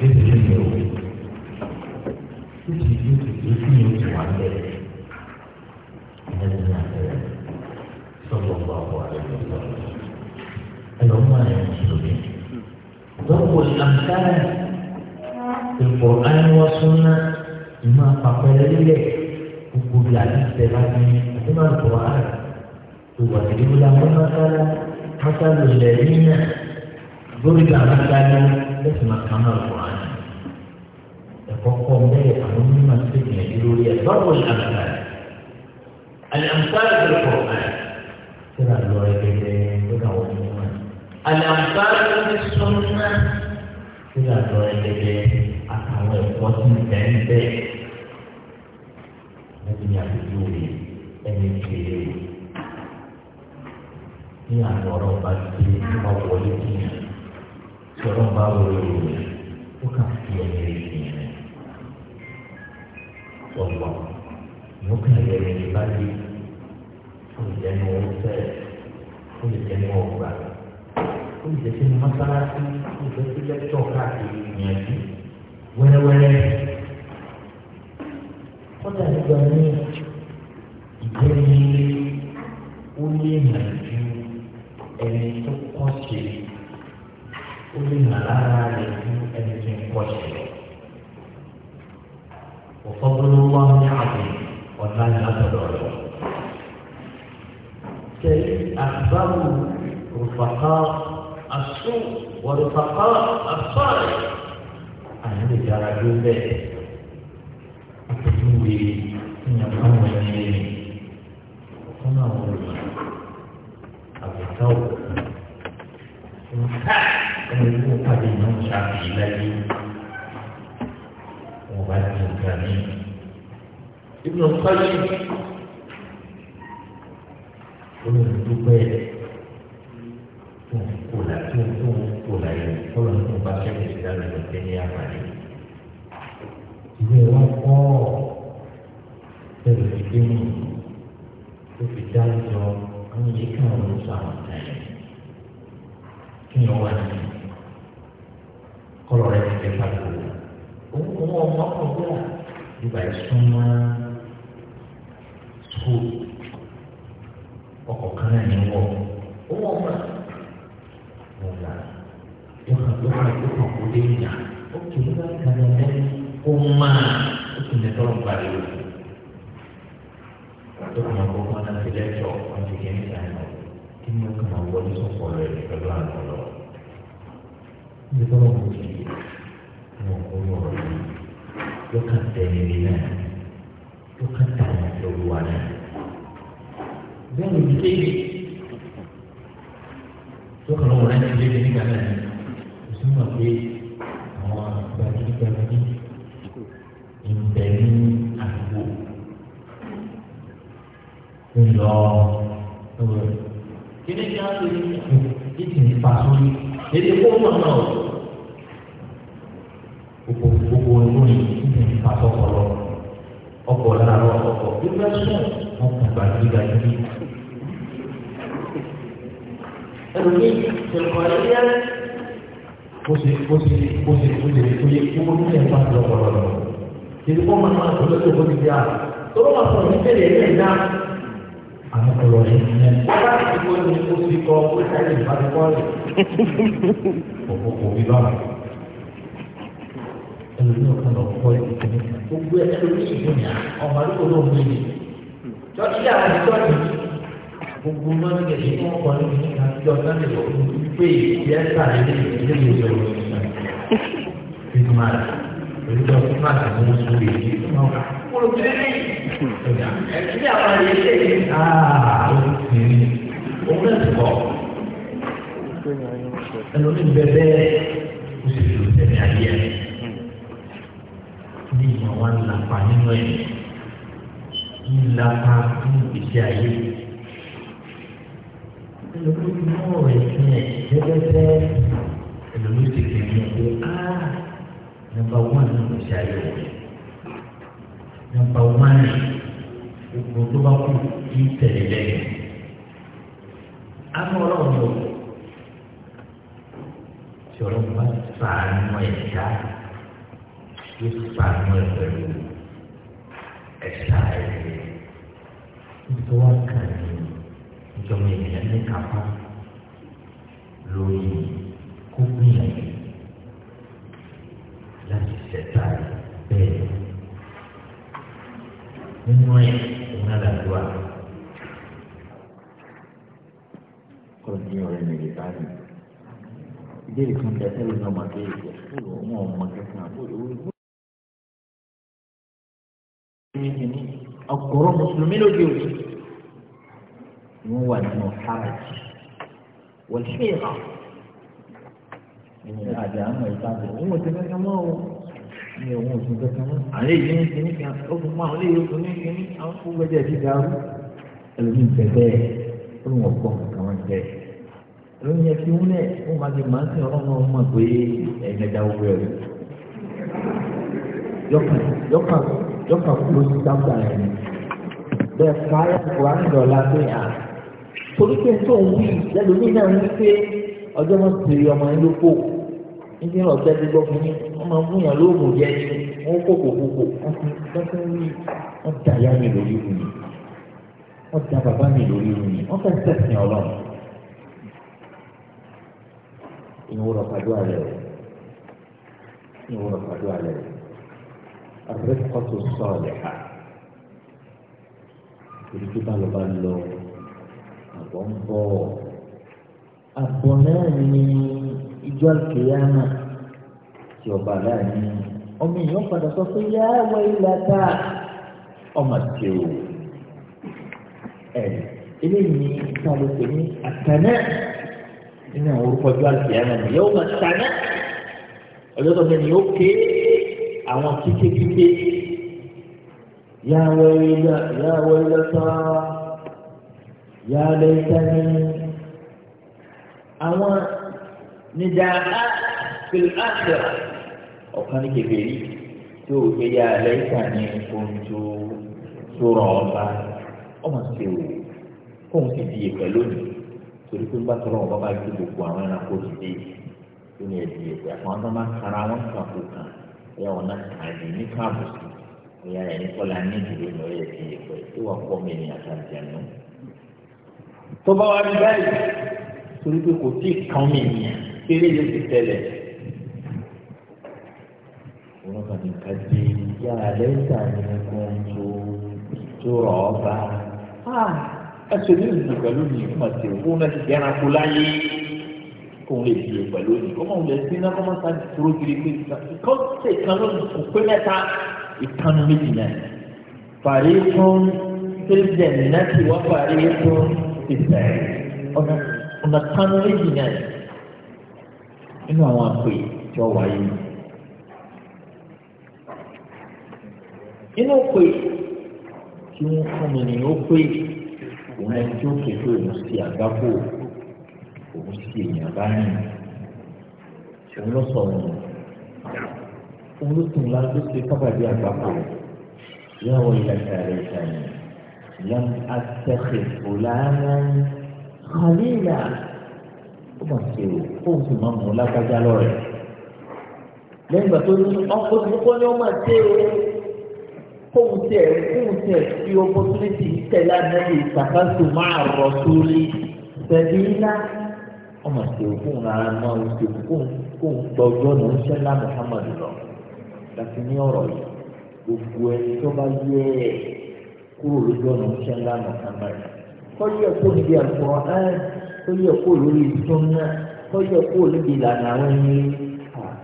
lè ti lè yẹ o èsì yóò ti wà bẹ́ẹ̀ ẹni náà bẹ́ẹ̀ sọ̀rọ̀ bá wà lẹ́yìn lọ́wọ́ ẹ̀rọ máa yẹ mùsùlùmí. lọ́pọ̀ àkàrà ìfọ̀ àìwọ̀sùnà ìmọ̀ àpapẹ̀lẹ̀ lílẹ̀ gbogbo bí àdìsẹ̀ bá ti àti máa tọ̀ á ìwà ìdíwọ́lá mọ́tàlá mọ́tàlá lẹ́yìn náà lórí bàbá dáná lẹ́sìn máa kà kọ́kọ́ bẹ́ẹ̀ àwọn onímọ̀ ti gbìyànjú lórí ẹ̀ báwo ni àmàlà àlẹ́ àmàlà ti rẹ̀ pọ̀ àlẹ́ tí wàá lọ ẹgbẹ̀gbẹ̀ lọ́dọ̀ àwọn onímọ̀ àlẹ́ àmàlà ti sọ́nà tí wàá lọ ẹgbẹ̀gbẹ̀ àtàwọn ẹ̀kọ́ tí ń tẹ̀ ń bẹ̀ àdúgbò rẹ̀ ẹni kéré rẹ̀ ní àwọn ọ̀rọ̀ bá ti tí wọ́n wọlé bá wọlé rẹ̀ pọ̀pọ̀ yóò kàn yẹ ẹni bá dé kó lè jẹ́ ní wọ́n fẹ́ kó lè jẹ́ ní wọ́n gbà kó lè jẹ́ sí ní mọ́sálásí kó lè jẹ́ sí lẹ́tọ̀ káàkiri ìyànjú wẹ́rẹ́wẹ́rẹ́ kọ́dà nígbà ní ìjẹ́ ní ó lé ìrìnàjò ẹni tó kọ́ ṣe ó lé ìrìnàlára rẹ̀ fún ẹni tó ń kọ́ ṣe lọ. الرفقاء السوء والرفقاء الصالح أنا بجارة جوبة أتجوبي من يبقون مني هنا أقول أبو ثوب Kemudian tadi Imam Syafi'i lagi Mubarak Ibrahim Ibn Qayyim lẹ́tọ̀ wọ́n ti kí ní sáyẹn kí ni ó kàn án wọlé sọ̀pọ̀ rẹ̀ pẹ̀lú àná lọ. ní bọ́lá mo ti mọ orí ọ̀rọ̀ yìí ló kàn tẹ̀lé mi náà ló kàn tẹ̀lé lórí wa náà. bẹ́ẹ̀ ni ilé ló kàn lọ́wọ́ láti ilé nígbà náà kò sí mọ̀ pé àwọn gbajúgbajú lọ lọ́wọ́ kíni kí á lè ní ìtìní pa sórí èdè kó mọ̀ náà gbogbo gbogbo olóyè ìtìní pa sọ̀kọ̀ lọ ọkọ̀ láàárọ̀ ọkọ̀ gbígbà sùn wọn kàn gbà gbígbà yìí. ẹlòmíì tẹlifọ̀ ẹ̀yẹ bó ṣe bó ṣe bó ṣe bó ṣe tó yẹ kó ní ẹ̀ bá lọ́wọ́ lọ́wọ́ èdè kó mọ̀ náà lọ́wọ́ tó kó ti di àná tó lọ́wọ́ sọ̀rọ̀ nígbèrè ẹ̀ àwọn ọ̀rọ̀ rẹ̀ nìyẹn. wọ́n bá ti wọ́n ní kó sí kọ́ kó sáré ìbánikọ́ rẹ̀. òkòkò bí bá wọn. ẹlòmíràn kan lọ kọ́ ìkíní. gbogbo ẹlòmíràn ìgbìmọ̀ ọmọ àdúgbò náà ń gbé tọ́jú àwọn ìtọ́jú gbogbo mọ́tò kẹ̀kẹ́ tí wọ́n kọ́ ní ìgbà tí ọ̀sán lè lọ pé ìyá sàlẹ̀ ní ìdílé ìjọba ìgbìmọ̀ rẹ̀ pẹ̀lú ọ̀sán máa tàbí wọ́n sún lè yí ẹlòmí bẹbẹ kò sì lò tẹ̀lé ayé ẹ̀ ní ìmọ̀ wa ń lapa nínú ẹ̀ ń lapa nínú ìgbésí ayé ẹlòmí ti mú ọ̀rọ̀ ẹ̀sìn ẹ̀ gẹ́gẹ́gẹ́ ẹlòmí ti kẹ̀mí ẹ̀ pé á nàmbà wán nínú ìgbésí ayé ẹ̀ nàmbà wán gbogbo tó bá kú kí tẹ̀lé lẹ́yìn. Amọ̀ ọlọ́run yóò tí ọlọ́run bá sàánú ẹ̀dá yóò sàánú ẹ̀ pẹ̀lú ẹ̀dá ẹ̀dá nítorí kan ní ìjọba ènìyàn ní kápá lórí kó gbìyànjú láti ṣẹ̀dá bẹ́ẹ̀ nínú ẹ̀ òun àdàdúrà. Kọ́ni ọ̀rẹ́ mi lè bá mi ìbéèrè kan bẹ ẹ lónìí ọmọ àti èyí fúlù ọmọ ọmọ kẹfún àbúrò wíwú. ọ̀gọ̀rọ̀ mùsùlùmí lóde òní wọn wà nínú káàkiri wọn ṣe é hàn ìyẹn àti àwọn ìbàdàn òun ò ti kankan mọ́ o ní òun ò ti kankan mọ́ àlẹ́ yìí ní kíní kan ó mọ́ àwọn eléyìí ó ní kíní àwọn fún gbẹ́jẹ́ ti dàrú ẹlòmíì bẹ́ẹ̀ bẹ́ẹ̀ ó ní wọ́n wọn bẹ́ẹ̀ ló ń yẹ kí wọn lẹ wọn máa di máa ń sìn ọlọ́run ọmọ pé ẹ̀ẹ́dẹ̀dà owó ẹ̀ yọkàn yọkàn yọkàn kúrò sí sáńtà ẹ̀ bẹ́ẹ̀ fáyà kúrò àńdọ̀lá pé à torí pé tó ń wí lẹ́lòmíì náà ń pé ọjọ́ máa ń pèrè ọmọ yẹn ló kó níbi ọ̀sẹ̀ ti gbọ́ fún mi wọ́n máa ń mú yàn lóògùn jẹ́ ni wọ́n kó kòkòkò wọ́n ti dọ́kẹ́ wí wọ́n da ìyá mi lórí wù mí wọ́n da bàbá mi lórí wù mí wọ́n fẹ́ sẹ̀sìn ọlọ́run ìwúrọ̀ pàdó àlẹ́ rẹ̀ ìwúrọ̀ pàdó àlẹ́ rẹ̀ àbúrẹ́kọ̀tò sọ̀rọ̀ ha ìdíjú bá lọ bá lọ àbọ̀ ń bọ̀ àbọ̀ náà ní ìjọ àkèyàmà tí ọba láàrin ọmọ èèyàn padà sọ pé yá wọ ilẹ̀ ta ọmọ tí o ẹ eléyìí ní kálukú ní àtẹnẹ́ nínú àwọn orúkọ ọjọ́ àlùfíàmà ni yóò máa sáná ọjọ́ tó bẹ́ẹ̀ ni yóò ké àwọn kíkékíké yàwọ̀ ilé yàwọ̀ ilé tán yàlẹ̀ ìtàní àwọn nídà á fìlì àṣà ọ̀kan ní kébèrè tí ó gbé yàlẹ̀ ìtàní ohun tó tó rọ̀ ọba ọmọ sí o kóun ti di ìpẹ́ lónìí torí pé gbàtọ́ lọ́wọ́ bàbá yìí gbogbo àwọn ẹranko ti dé tó ní ẹ̀dì àwọn ọmọ máa kara wọn kàkó kan ẹ̀yà wọn náà kàn yìí ní káàbù sí ẹ̀yà rẹ̀ ní kọ́lá ní ìdílé ní ọ̀rẹ́ ẹ̀dì ẹ̀pẹ́ tó wà pọ̀ mí ní àtàjẹ̀nu. tó bá wà ní báyìí torí pé kò tí ì kàn mí nìyẹn kéré yóò ti tẹ̀lẹ̀. wọn kàn ní kájí yàrá lẹ́sà ní ẹsẹ̀ ní ìlú pẹ̀lú ní ìmọ̀tẹ̀ fún náà ti ẹranko láyé kó lè dìde pẹ̀lú ní kó máa ń lè sí náà kó máa ń sáré dúró kiri pé kó ṣe ìkan ló kò pé mẹ́ta ìkanu méjì náà fàrí fún pírẹsidẹ̀ntì náà ti wá fàrí fún ìsẹ̀rẹ̀ ọ̀nà ọ̀nà kanu méjì náà nínú àwọn àpè tí wọ́n wáyé nínú pé tí wọ́n fún mi ní ó pé òun ẹni tí ó ké pé òun sì àgbákò òun sì èèyàn bá rìn òun ló sọ òun òun ló sùn láti tó ṣe kábàdé àgbákò yà wọ ilẹ̀ kàrẹ́ ìsàlẹ̀ lẹ́m àtẹ̀kẹ̀ fúlànà kàlílà ó mà ṣe o kóun sì máa mú lágbájá lọ́rẹ̀ lẹ́yìn ìgbà tó ní ọkọ̀ tó kọ́ ni ó mà ṣe o fóun tiẹ̀ fóun tiẹ̀ fi opportunity tẹ̀lé anáyè ìsàkásù máa rọ̀ sórí tẹ̀lé ńlá ọmọ ìṣòro fóun rárá náà ìṣòro fóun fóun gbọ́jọ́ ní oníṣẹ́ ńlá Muhammadu lọ láti ní ọ̀rọ̀ yìí gbogbo ẹni tó bá yẹ ẹ kúrò lójú ọ̀nà oníṣẹ́ ńlá Muhammadu kọ́ yẹ kó níbi àgbọ̀ ẹ́ kó yẹ kó lórí ìtúná kọ́ yẹ kó níbi ìlànà àwọn ẹni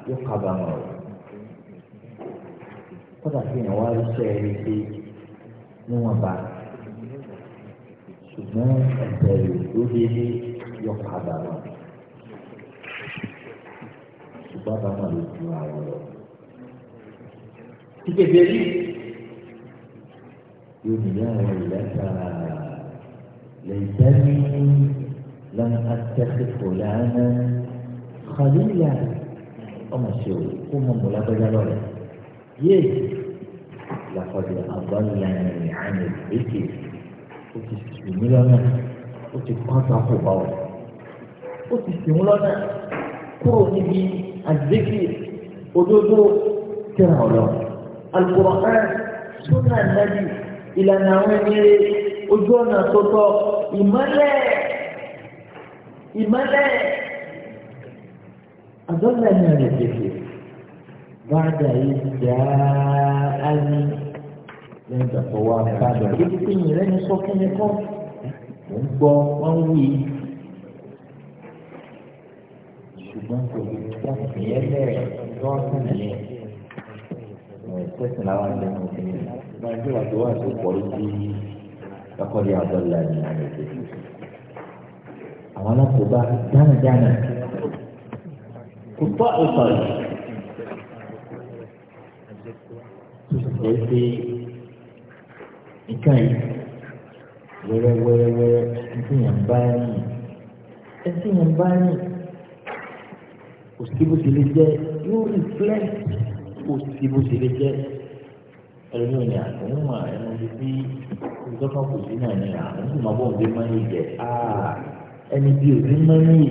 yóò kábàámọ̀ rẹ̀ kódà kí ni wọ́n rí sẹ́ ẹni pé níwọ̀n bá ṣùgbọ́n ẹ̀bẹ̀rù ló délé yọ padà wọn ṣùgbọ́n bàbá ló ju àwọn lọ. Ìgbèbè rí yóò nílẹ̀ àwọn ìlẹ́ta lẹ́yìn tẹ́lẹ̀ lọ́nà àtẹ́sẹ̀kọ̀ lánàá. Kàlíyà ọmọ ṣe o, kó mọ̀ mọ́ lọ́rẹ̀ẹ́ yé làkọ̀dé àgbọ̀nìyàn àmì èké ó ti sì mí lọ́nà ó ti pátá kò bá wọ̀ ó ti sì mí lọ́nà kúrò níbi àdéhì òdodo tẹ̀ràn ọ̀lọ́ Al-Qur'an súnà ìlànà àwọn ẹni ojú ọ̀nà tó tọ́ ìmọ́lẹ̀ ìmọ́lẹ̀ àgbọ̀nìyàn àmì báàdà yìí já á ní lẹ́yìn ìgbà tó wá báàdà yìí pé yìí lẹ́nu sọ kẹ́lẹ́ kọ́ mò ń gbọ́ wọ́n wí ṣùgbọ́n kò lè dá ìyẹn bẹ́ẹ̀ lọ́sàn yẹn ẹ̀sìn làwọn ẹgbẹ́ náà ti ní máa gbé wàá tó wà tó pọ̀ lójú kakọ́lé àbọ̀là ní àyè àwọn alákòóbá dánadáná kò tọ́ ìtọ́ tó sì jẹ́ pé nǹkan yìí wẹ́rẹ́wẹ́rẹ́wẹ́rẹ́ ẹtí yẹn bá yìn ẹtí yẹn bá yìn kò sí bó ti jẹ́ yóò reflect kò sí bó ti jẹ́ ẹlẹ́nu ni àtẹ̀wọ́n mà ẹnu ti fi ìjọba kò sí náà ni àwọn tó máa bọ̀ ń gbé máa ń jẹ ah, ẹni bí òbí máa ń yìí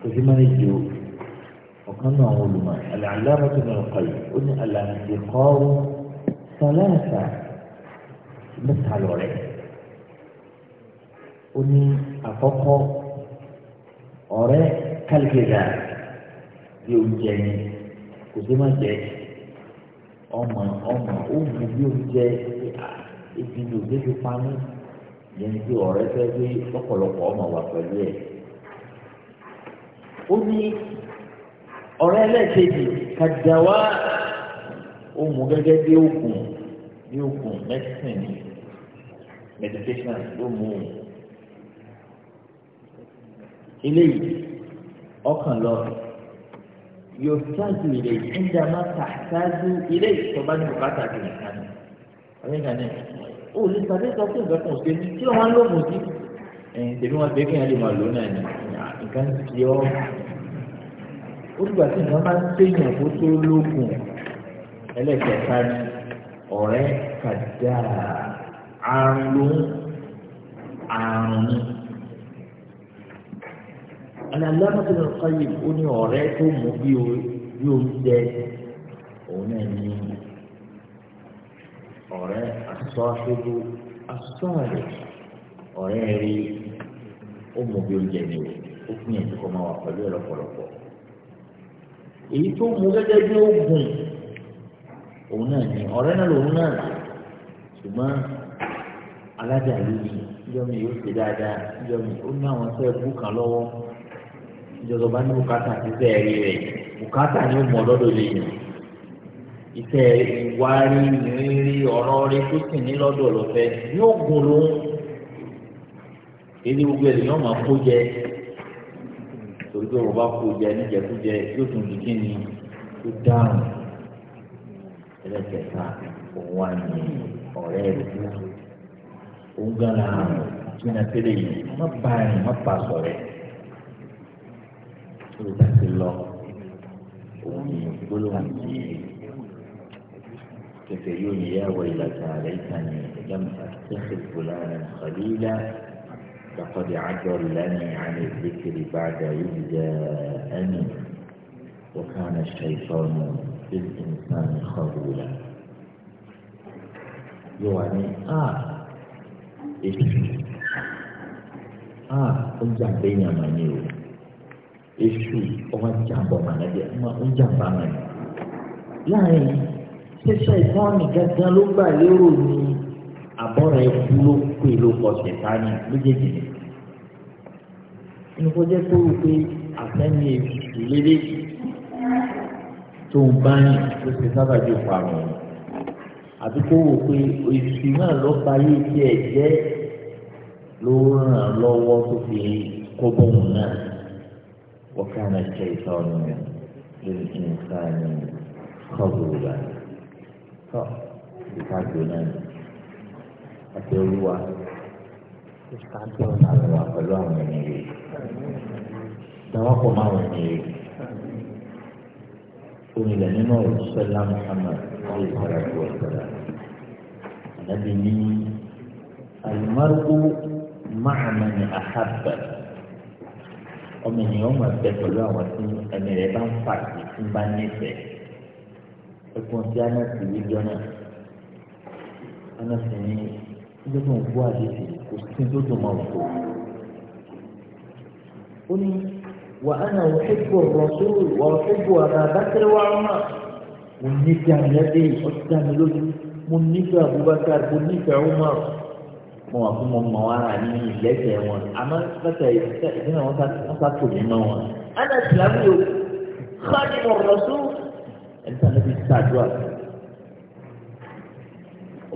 kò sí máa ń jẹ o. وكان علماء العلامة ابن القيم أن الانتقاء ثلاثة مثل العلم أن أفقه ọ̀rẹ́ kálíkìlá bí oúnjẹ ni kò sí má jẹ ọmọ ọmọ òògùn bí oúnjẹ ibi ni òde fi pamọ́ yẹn ti ọ̀rẹ́ fẹ́ gbé lọ́pọ̀lọpọ̀ ọmọ wà pẹ̀lú ẹ̀ ó ní ọ̀rọ̀ ẹlẹ́ẹ̀kejì kàdáwá ohun gẹ́gẹ́ bí oògùn bí oògùn medicine ni meditation ló mú un eléyìí ọkàn lọ yóò ṣáájú ilé yìí ń dá máa ta ṣáájú ilé yìí tó bá ní bùkátà tó nìkan ni ọ̀rẹ́ ìgbà náà ó lè sàdé sọ pé ìgbà kan ò ṣe ní kí máa ń lóògùn sí ẹ̀yìn tèmi wọn gbé kéèyàn lè máa lò náà ní nǹkan ti ọ́ ó dìgbà tí ìyá máa ń téèyàn kó tó lókun ẹlẹ́kẹ̀ẹ́ta ni ọ̀rẹ́ kàdá àrùn ló ń àrùn ni. alámọ̀tò náà kọ́yè ó ní ọ̀rẹ́ tó mú bí oúnjẹ òun náà ní ọ̀rẹ́ asọ́ṣojú asọ́ọ̀rẹ́ ọ̀rẹ́ rí ó mú bí oúnjẹ ni ó fún yẹn tó kọ́ máa wà pẹ̀lú ẹ̀ lọ́pọ̀lọpọ̀ èyí tó mú gẹ́gẹ́ bí oògùn òun náà ni ọ̀rẹ́ náà lòun náà ṣùgbọ́n alájà ló ní ìjọ mi yóò ṣe dáadáa ìjọ mi ó ní àwọn sẹ́ẹ̀ bú kan lọ́wọ́ ìjọba bá ní bùkátà ti sẹ́ẹ̀ rí rẹ̀ bùkátà ni ó mọ̀ lọ́dọ̀ lè yàn ìfẹ́ ìwárí ìrírí ọ̀rọ̀ rí tó sì ní lọ́dọ̀ lọ́fẹ́ yóò gùn lóhùn èdè gbogbo ẹ̀ lè yàn máa kó jẹ torí pé òun bá kó jẹ níjẹkújẹ yóò tún di kí ni ó dáhùn ẹlẹ́kẹ̀ẹ́ta òun wà ní ọ̀rẹ́ rẹ̀ òun gan la jìnnà tẹ́lẹ̀ yìí má bá rìn má bá sọ̀rẹ́ tó bá ti lọ òun ní gbólóhùn yìí kẹfẹ yóò ní yàwó ìlàkà rẹ̀ ìtàn ní ìjàmbá tẹ́sí fúlàní xalílà. لقد عجلني عن الذكر بعد إذ جاءني وكان الشيطان للإنسان خذولا يعني آه إيه ah ó jàmbá èèyàn mà ní o èṣù ọwọ́ jàmbá ọmọ nàbẹ ọmọ ó jàmbá mà ní. láàrin ṣẹṣẹ ìfọ́nì gángan ló gbà lérò ní àbọ̀rọ̀ ẹkú ló pè ló kọ̀ ṣẹ̀tánì méjèèjì ni. inú kó jẹ́ kó o pé àtẹ́ni ìlédè tó ń bá yìn ló ṣe sábà ju pààrọ̀ yìí. àbí kó o pé èsì náà ló ba yé tiẹ̀ jẹ́ ló ràn án lọ́wọ́ tó fi kó bóun náà wọ́n ká náà ṣe ìtọ́nu lórí ìnsáni kọ́bùrù báyìí. tọ́ ìka gbóná ni. àti olúwa tó ń sàrẹ̀ wá pẹ̀lú àwọn ẹni rẹ̀ dáwọ́ pọ̀ mọ́ àwọn ẹni rẹ̀ onílẹ̀ nínú ìṣẹ́lá Muhammad ní ìṣẹ́lá tó wà sọ́dà ànábì ní alimarku mahamani ahaba ọmọ ènìyàn máa bẹ pẹ̀lú àwọn tí ẹni rẹ̀ bá ń fà sí tí ń bá nífẹ̀ẹ́ ẹkùn tí a náà ti wí jọ náà a náà sì ní. ẹjọ́ tó ń gbọ́ àdéhùn kò sí tó dùn máa wò. ó ní wà á nà òṣèlú rọ̀ṣọ́lù wà òṣèlú àbábákẹ́rẹ́ wà ọ̀nà mo nífẹ̀ẹ́ àmìlẹ́dẹ́ ọ̀tí àmì lójú mo nífẹ̀ẹ́ Abubakar mo nífẹ̀ẹ́ Umar mo wà fún mo mọ̀ wá rà ní ìlẹ́sẹ̀ wọn àmọ́ lọ́sẹ̀ ìdílé wọn sá tò mí mọ́ wọn. ana ìsìlámù yòó xaadì mọ̀ rọ̀ṣọ́lù ẹ̀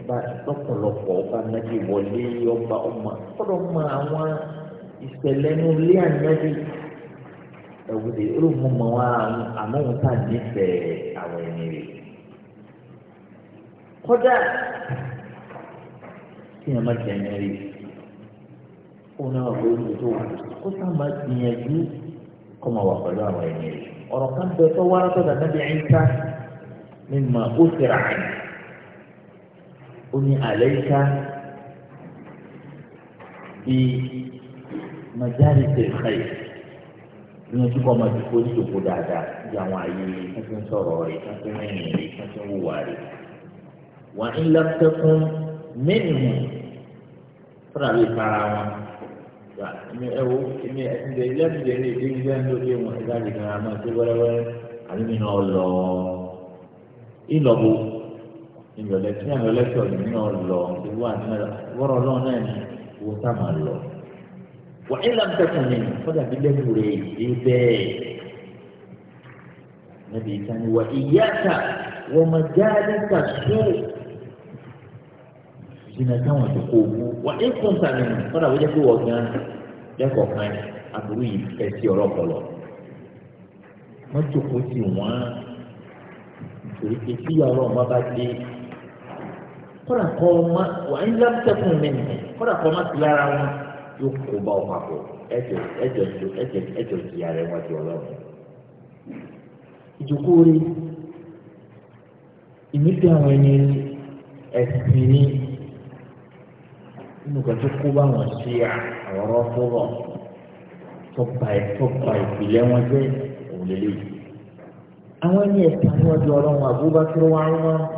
bá lọ́pọ̀lọpọ̀ ọba nàbí wọlé ọba ọmọ fọdọ̀ mọ àwọn ìṣẹ̀lẹ̀ ní ilé ànábì ẹ̀wùdí olóhùn mọ àmọ́ wọn tà nífẹ̀ẹ́ àwọn ẹni rẹ̀ kódà kí ni a máa jẹ ẹni rẹ̀ kó náà wọ orí tó wà kó sá máa gbìyànjú kó máa wà pẹ̀lú àwọn ẹni rẹ̀ ọ̀rọ̀ kan bẹ tó wá látọ̀dọ̀ nàbí ẹ̀ńtà mímọ ó ti rà ó ní àlẹ́ká bí mọ̀jáde ṣe fẹ́ bí wọ́n túbọ̀ máa ti kó níjòkó dáadáa bí àwọn ààyè kan tó ń sọ̀rọ̀ rẹ̀ kan tó ń rìnrìn rẹ̀ kan tó ń wùwà rẹ̀ wà ń lọ́tẹ́kùn mẹ́nu fúnra lè fara wọn gba ẹmi ẹwọ ẹmi ẹtìdẹ lẹbìdẹ ní ìdí ìdí ẹni ló dé wọn ẹgbẹ àgbègbè máa tó wẹrẹwẹrẹ àbí mi náà lọ ìlọbù ìrọ̀lẹ́ tí àwọn ẹlẹ́tọ̀ yìí náà lọ ìwọ àníyànjú wọ́rọ̀ lọ́wọ́ náà ni owó tá a máa lọ. wà á lọ́n tẹ̀sán ni fọ́dà bí lẹ́kùn rẹ̀ dé bẹ́ẹ̀. níbi ìtàní wà ìyáàkà wọ́n máa já nípa sùn. jìnnà táwọn ìdókòwò mú wà á kún tàbí nù fọ́dà wọ́n jẹ́ pé wọ́n gan lẹ́kọ̀ọ́ kan àbúrò yìí fẹ́ sí ọ̀rọ̀ ọ̀pọ̀lọ. wọ́n jókòó sí wọ́n torí pé tíyàwó ọmọ bá dé kọ́dà kọ́ ọmọ wà ń lámùtẹ́kùn mi nìyẹn kọ́dà kọ́ ọmọ ti lára wọn yóò kó bá ọmọ àpò ẹjọ ẹjọ ẹjọ ẹjọ ìyá rẹ wájú ọlọ́run ìjókòó rí ìmísí àwọn ẹni ẹ̀sìn ní kan tó kó bá wọn ṣe àwọ̀rọ̀ fọ́rọ̀ tọ́pa tọ́pa ìpìlẹ̀ wọn jẹ́ òun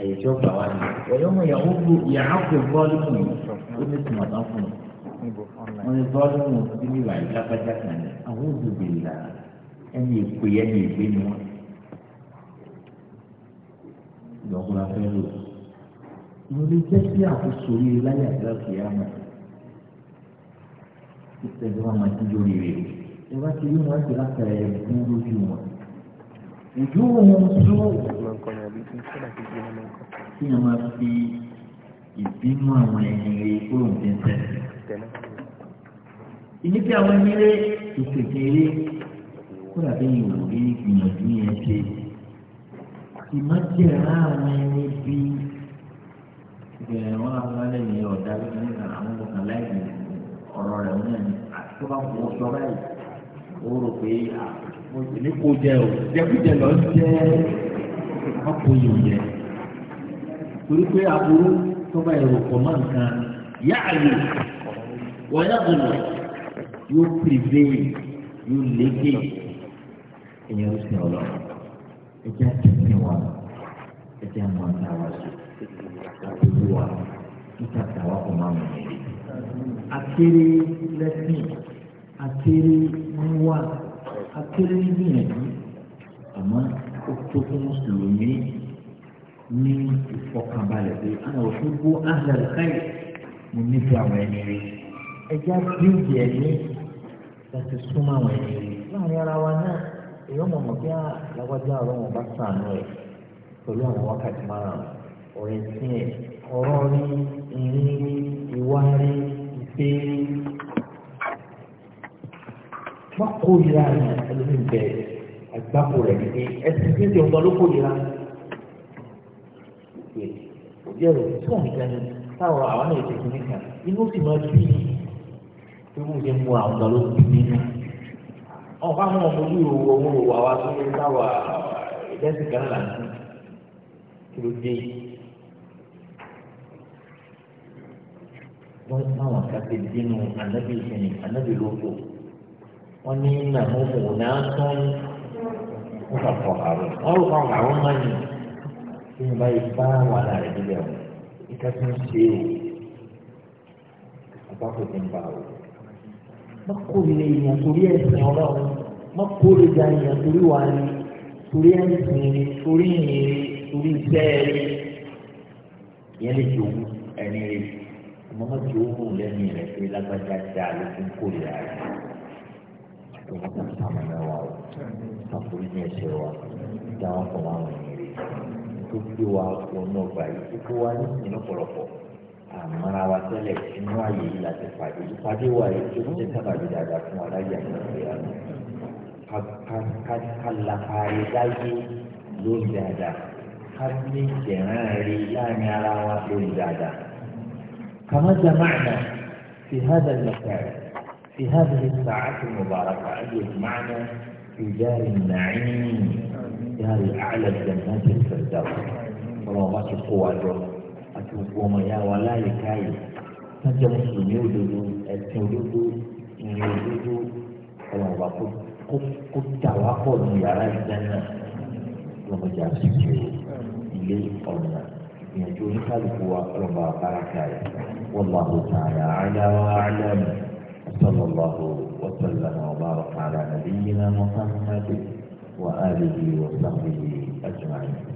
àyè tí ó gbà wá ní. ọ̀yọ́ mo yàwó bu yàrá kò bọ́ọ̀lù mi ó ní tùmọ̀ tán fún mi. wọ́n ní bọ́ọ̀lù mi ò sí níwà yìí lápájá kan ní àwọn òbí là ẹni èkó yẹ ẹni ègbé ni wọ́n. ìdọ̀kùnrin afẹ́ lò mo lè jẹ́ sí àkóso rí láyé àdúrà kìí àmọ́ ìtẹ̀lé wọn máa ti lórí rẹ̀ ẹ bá ti rí wọn ti látara ẹ̀ fún lójú wọn. ìdúró wọn tó kí ni wọ́n fi ìbínú àwọn ẹni rẹ̀ kúrò ní tẹ́tẹ́. ìní kí àwọn ẹni rẹ̀ ìpèkèrè kúrò bí ìwòrí gbìyànjú yẹn ṣe. ìmọ̀jẹ̀ àwọn ẹni bí ìgbẹ̀rún àwọn alẹ́yìn ọ̀dà nígbà àwọn ọkàn láìpẹ́ ọ̀rọ̀ rẹ̀ wọ́n náà ní àtúntò bá wọ́n sọ báyìí ó rò pé ní kò jẹ o jẹkújẹ lọ jẹ wọ́n kó yìí yẹ torí pé aburú tó bá yẹ wò pọ̀ mọ́ nǹkan yá àyè wọ́n yá bọ̀ lọ yóò pèsè yóò léke èèyàn ló sìn ọlọ ẹjẹ àtẹsìn wa ẹjẹ àmọ àtàwà sí àtẹsìn wa níta àtàwà kò máa mọ ẹyẹ akéré lẹsìn akéré níwà akéré níyànjú àmọ́ ó tó fún mùsùlùmí ní ìfọkànbalẹ̀ pé àwọn òfin kó ángel káyì mo nífẹ̀ẹ́ àwọn ẹni rí ẹja bíúdì ẹni láti súnmọ́ àwọn ẹni rí láàrin ara wa náà èèyàn mọ̀ mọ̀ bí alágbájá ah, ọlọ́run bá sànú ẹ̀ pẹ̀lú àwọn wákàtí márùn-ún ọ̀rẹ́ sí ẹ̀ ọ̀rọ̀ rí ìrìn rí ìwà rí ìpè rí. wọ́n kó ìlànà ẹlòmíì bẹ́ẹ̀ ìgbàpò rẹ̀ dìde ẹsẹ̀ tí ń tẹ̀ ọ̀tọ̀ ló kó yẹra. òbí ẹ̀rọ tí wọ́n nìkan ni táwọn àwọn náà ti fún nìkan inú sì máa bí pé wọ́n ti mú àwọn ọ̀tọ̀ ló kó yẹra. wọn bá wọn mọ ojú òwò owó òwò àwa tó ń táwa ìdẹ́sì kan là ń sìn kí ló dé. wọ́n táwọn kàtẹ́ dínú anábì ìṣẹ̀yìn anábì lóko wọ́n ní nàmúhùn náà tán wọ́n kà fọ àwọn wọ́n rò fún àwọn máa yìí tí wọ́n bá yìí bá wà lára níbẹ̀ o ìka tó ń ṣe o àbákò ti ń bá o má kó lè yàn torí ẹ̀sìn ọlọ́run má kó lè ga yàn torí wà ní torí ẹ̀sìn torí ìyìn torí iṣẹ́ rẹ̀ yẹn lè jò wú ẹni rẹ̀ ọmọ má jò wú lẹ́nu rẹ̀ pé lágbájá dáa ló fi ń kórìíra rẹ̀ olùkọ́ sàmúnà wa o àforí ní ẹsẹ̀ wa dáhùn fún wa wọn yìí tó gbé wa wọnú ọgbà yìí tó kó wa ní ìlú pọ̀lọpọ̀ àmọ́ra wa tẹ́lẹ̀ inú ààyè yìí láti pàdé ìpàdé wa yìí tó ń jẹ́ sábàbí dáadáa fún wa láyé àti في هذه الساعات المباركة أن يجمعنا في دار النعيم دار أعلى الجنات الفردوس صلوات القوة أتوقوما يا ولا يكاي نجا مسلم يولد التولد يولد صلوات قد توقف يرى الجنة ومجا سكيو إليه قلنا يجوني خلقوا ربا بركاته والله تعالى على وأعلم صلى الله وسلم وبارك على نبينا محمد وآله وصحبه أجمعين